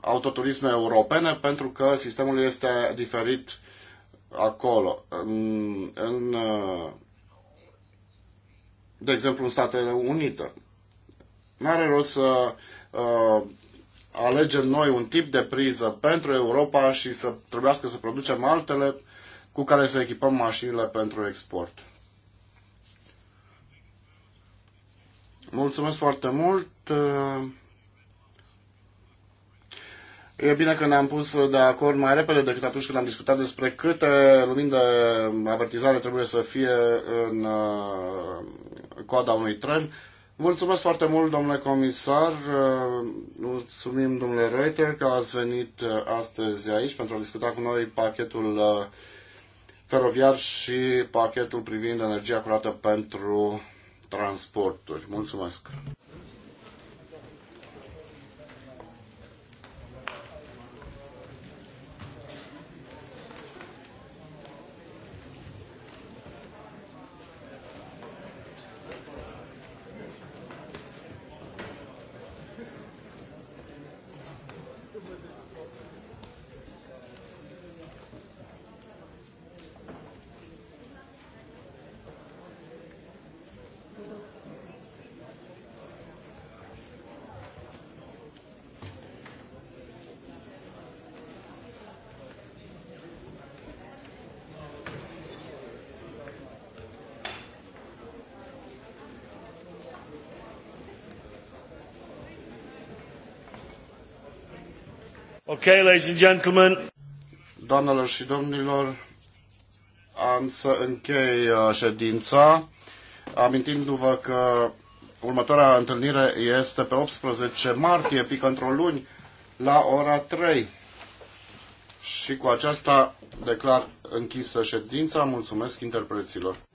[SPEAKER 3] autoturisme europene pentru că sistemul este diferit acolo. În, în, uh, de exemplu, în Statele Unite. Nu are rost să uh, alegem noi un tip de priză pentru Europa și să trebuiască să producem altele cu care să echipăm mașinile pentru export. Mulțumesc foarte mult! E bine că ne-am pus de acord mai repede decât atunci când am discutat despre câte lumini de avertizare trebuie să fie în uh, coada unui tren. Mulțumesc foarte mult, domnule comisar. Uh, mulțumim, domnule Reuter, că ați venit uh, astăzi aici pentru a discuta cu noi pachetul uh, feroviar și pachetul privind energia curată pentru transporturi. Mulțumesc! Ok, ladies and gentlemen. Doamnelor și domnilor, am să închei uh, ședința, amintindu-vă că următoarea întâlnire este pe 18 martie, pică într-o luni, la ora 3. Și cu aceasta declar închisă ședința. Mulțumesc interpreților.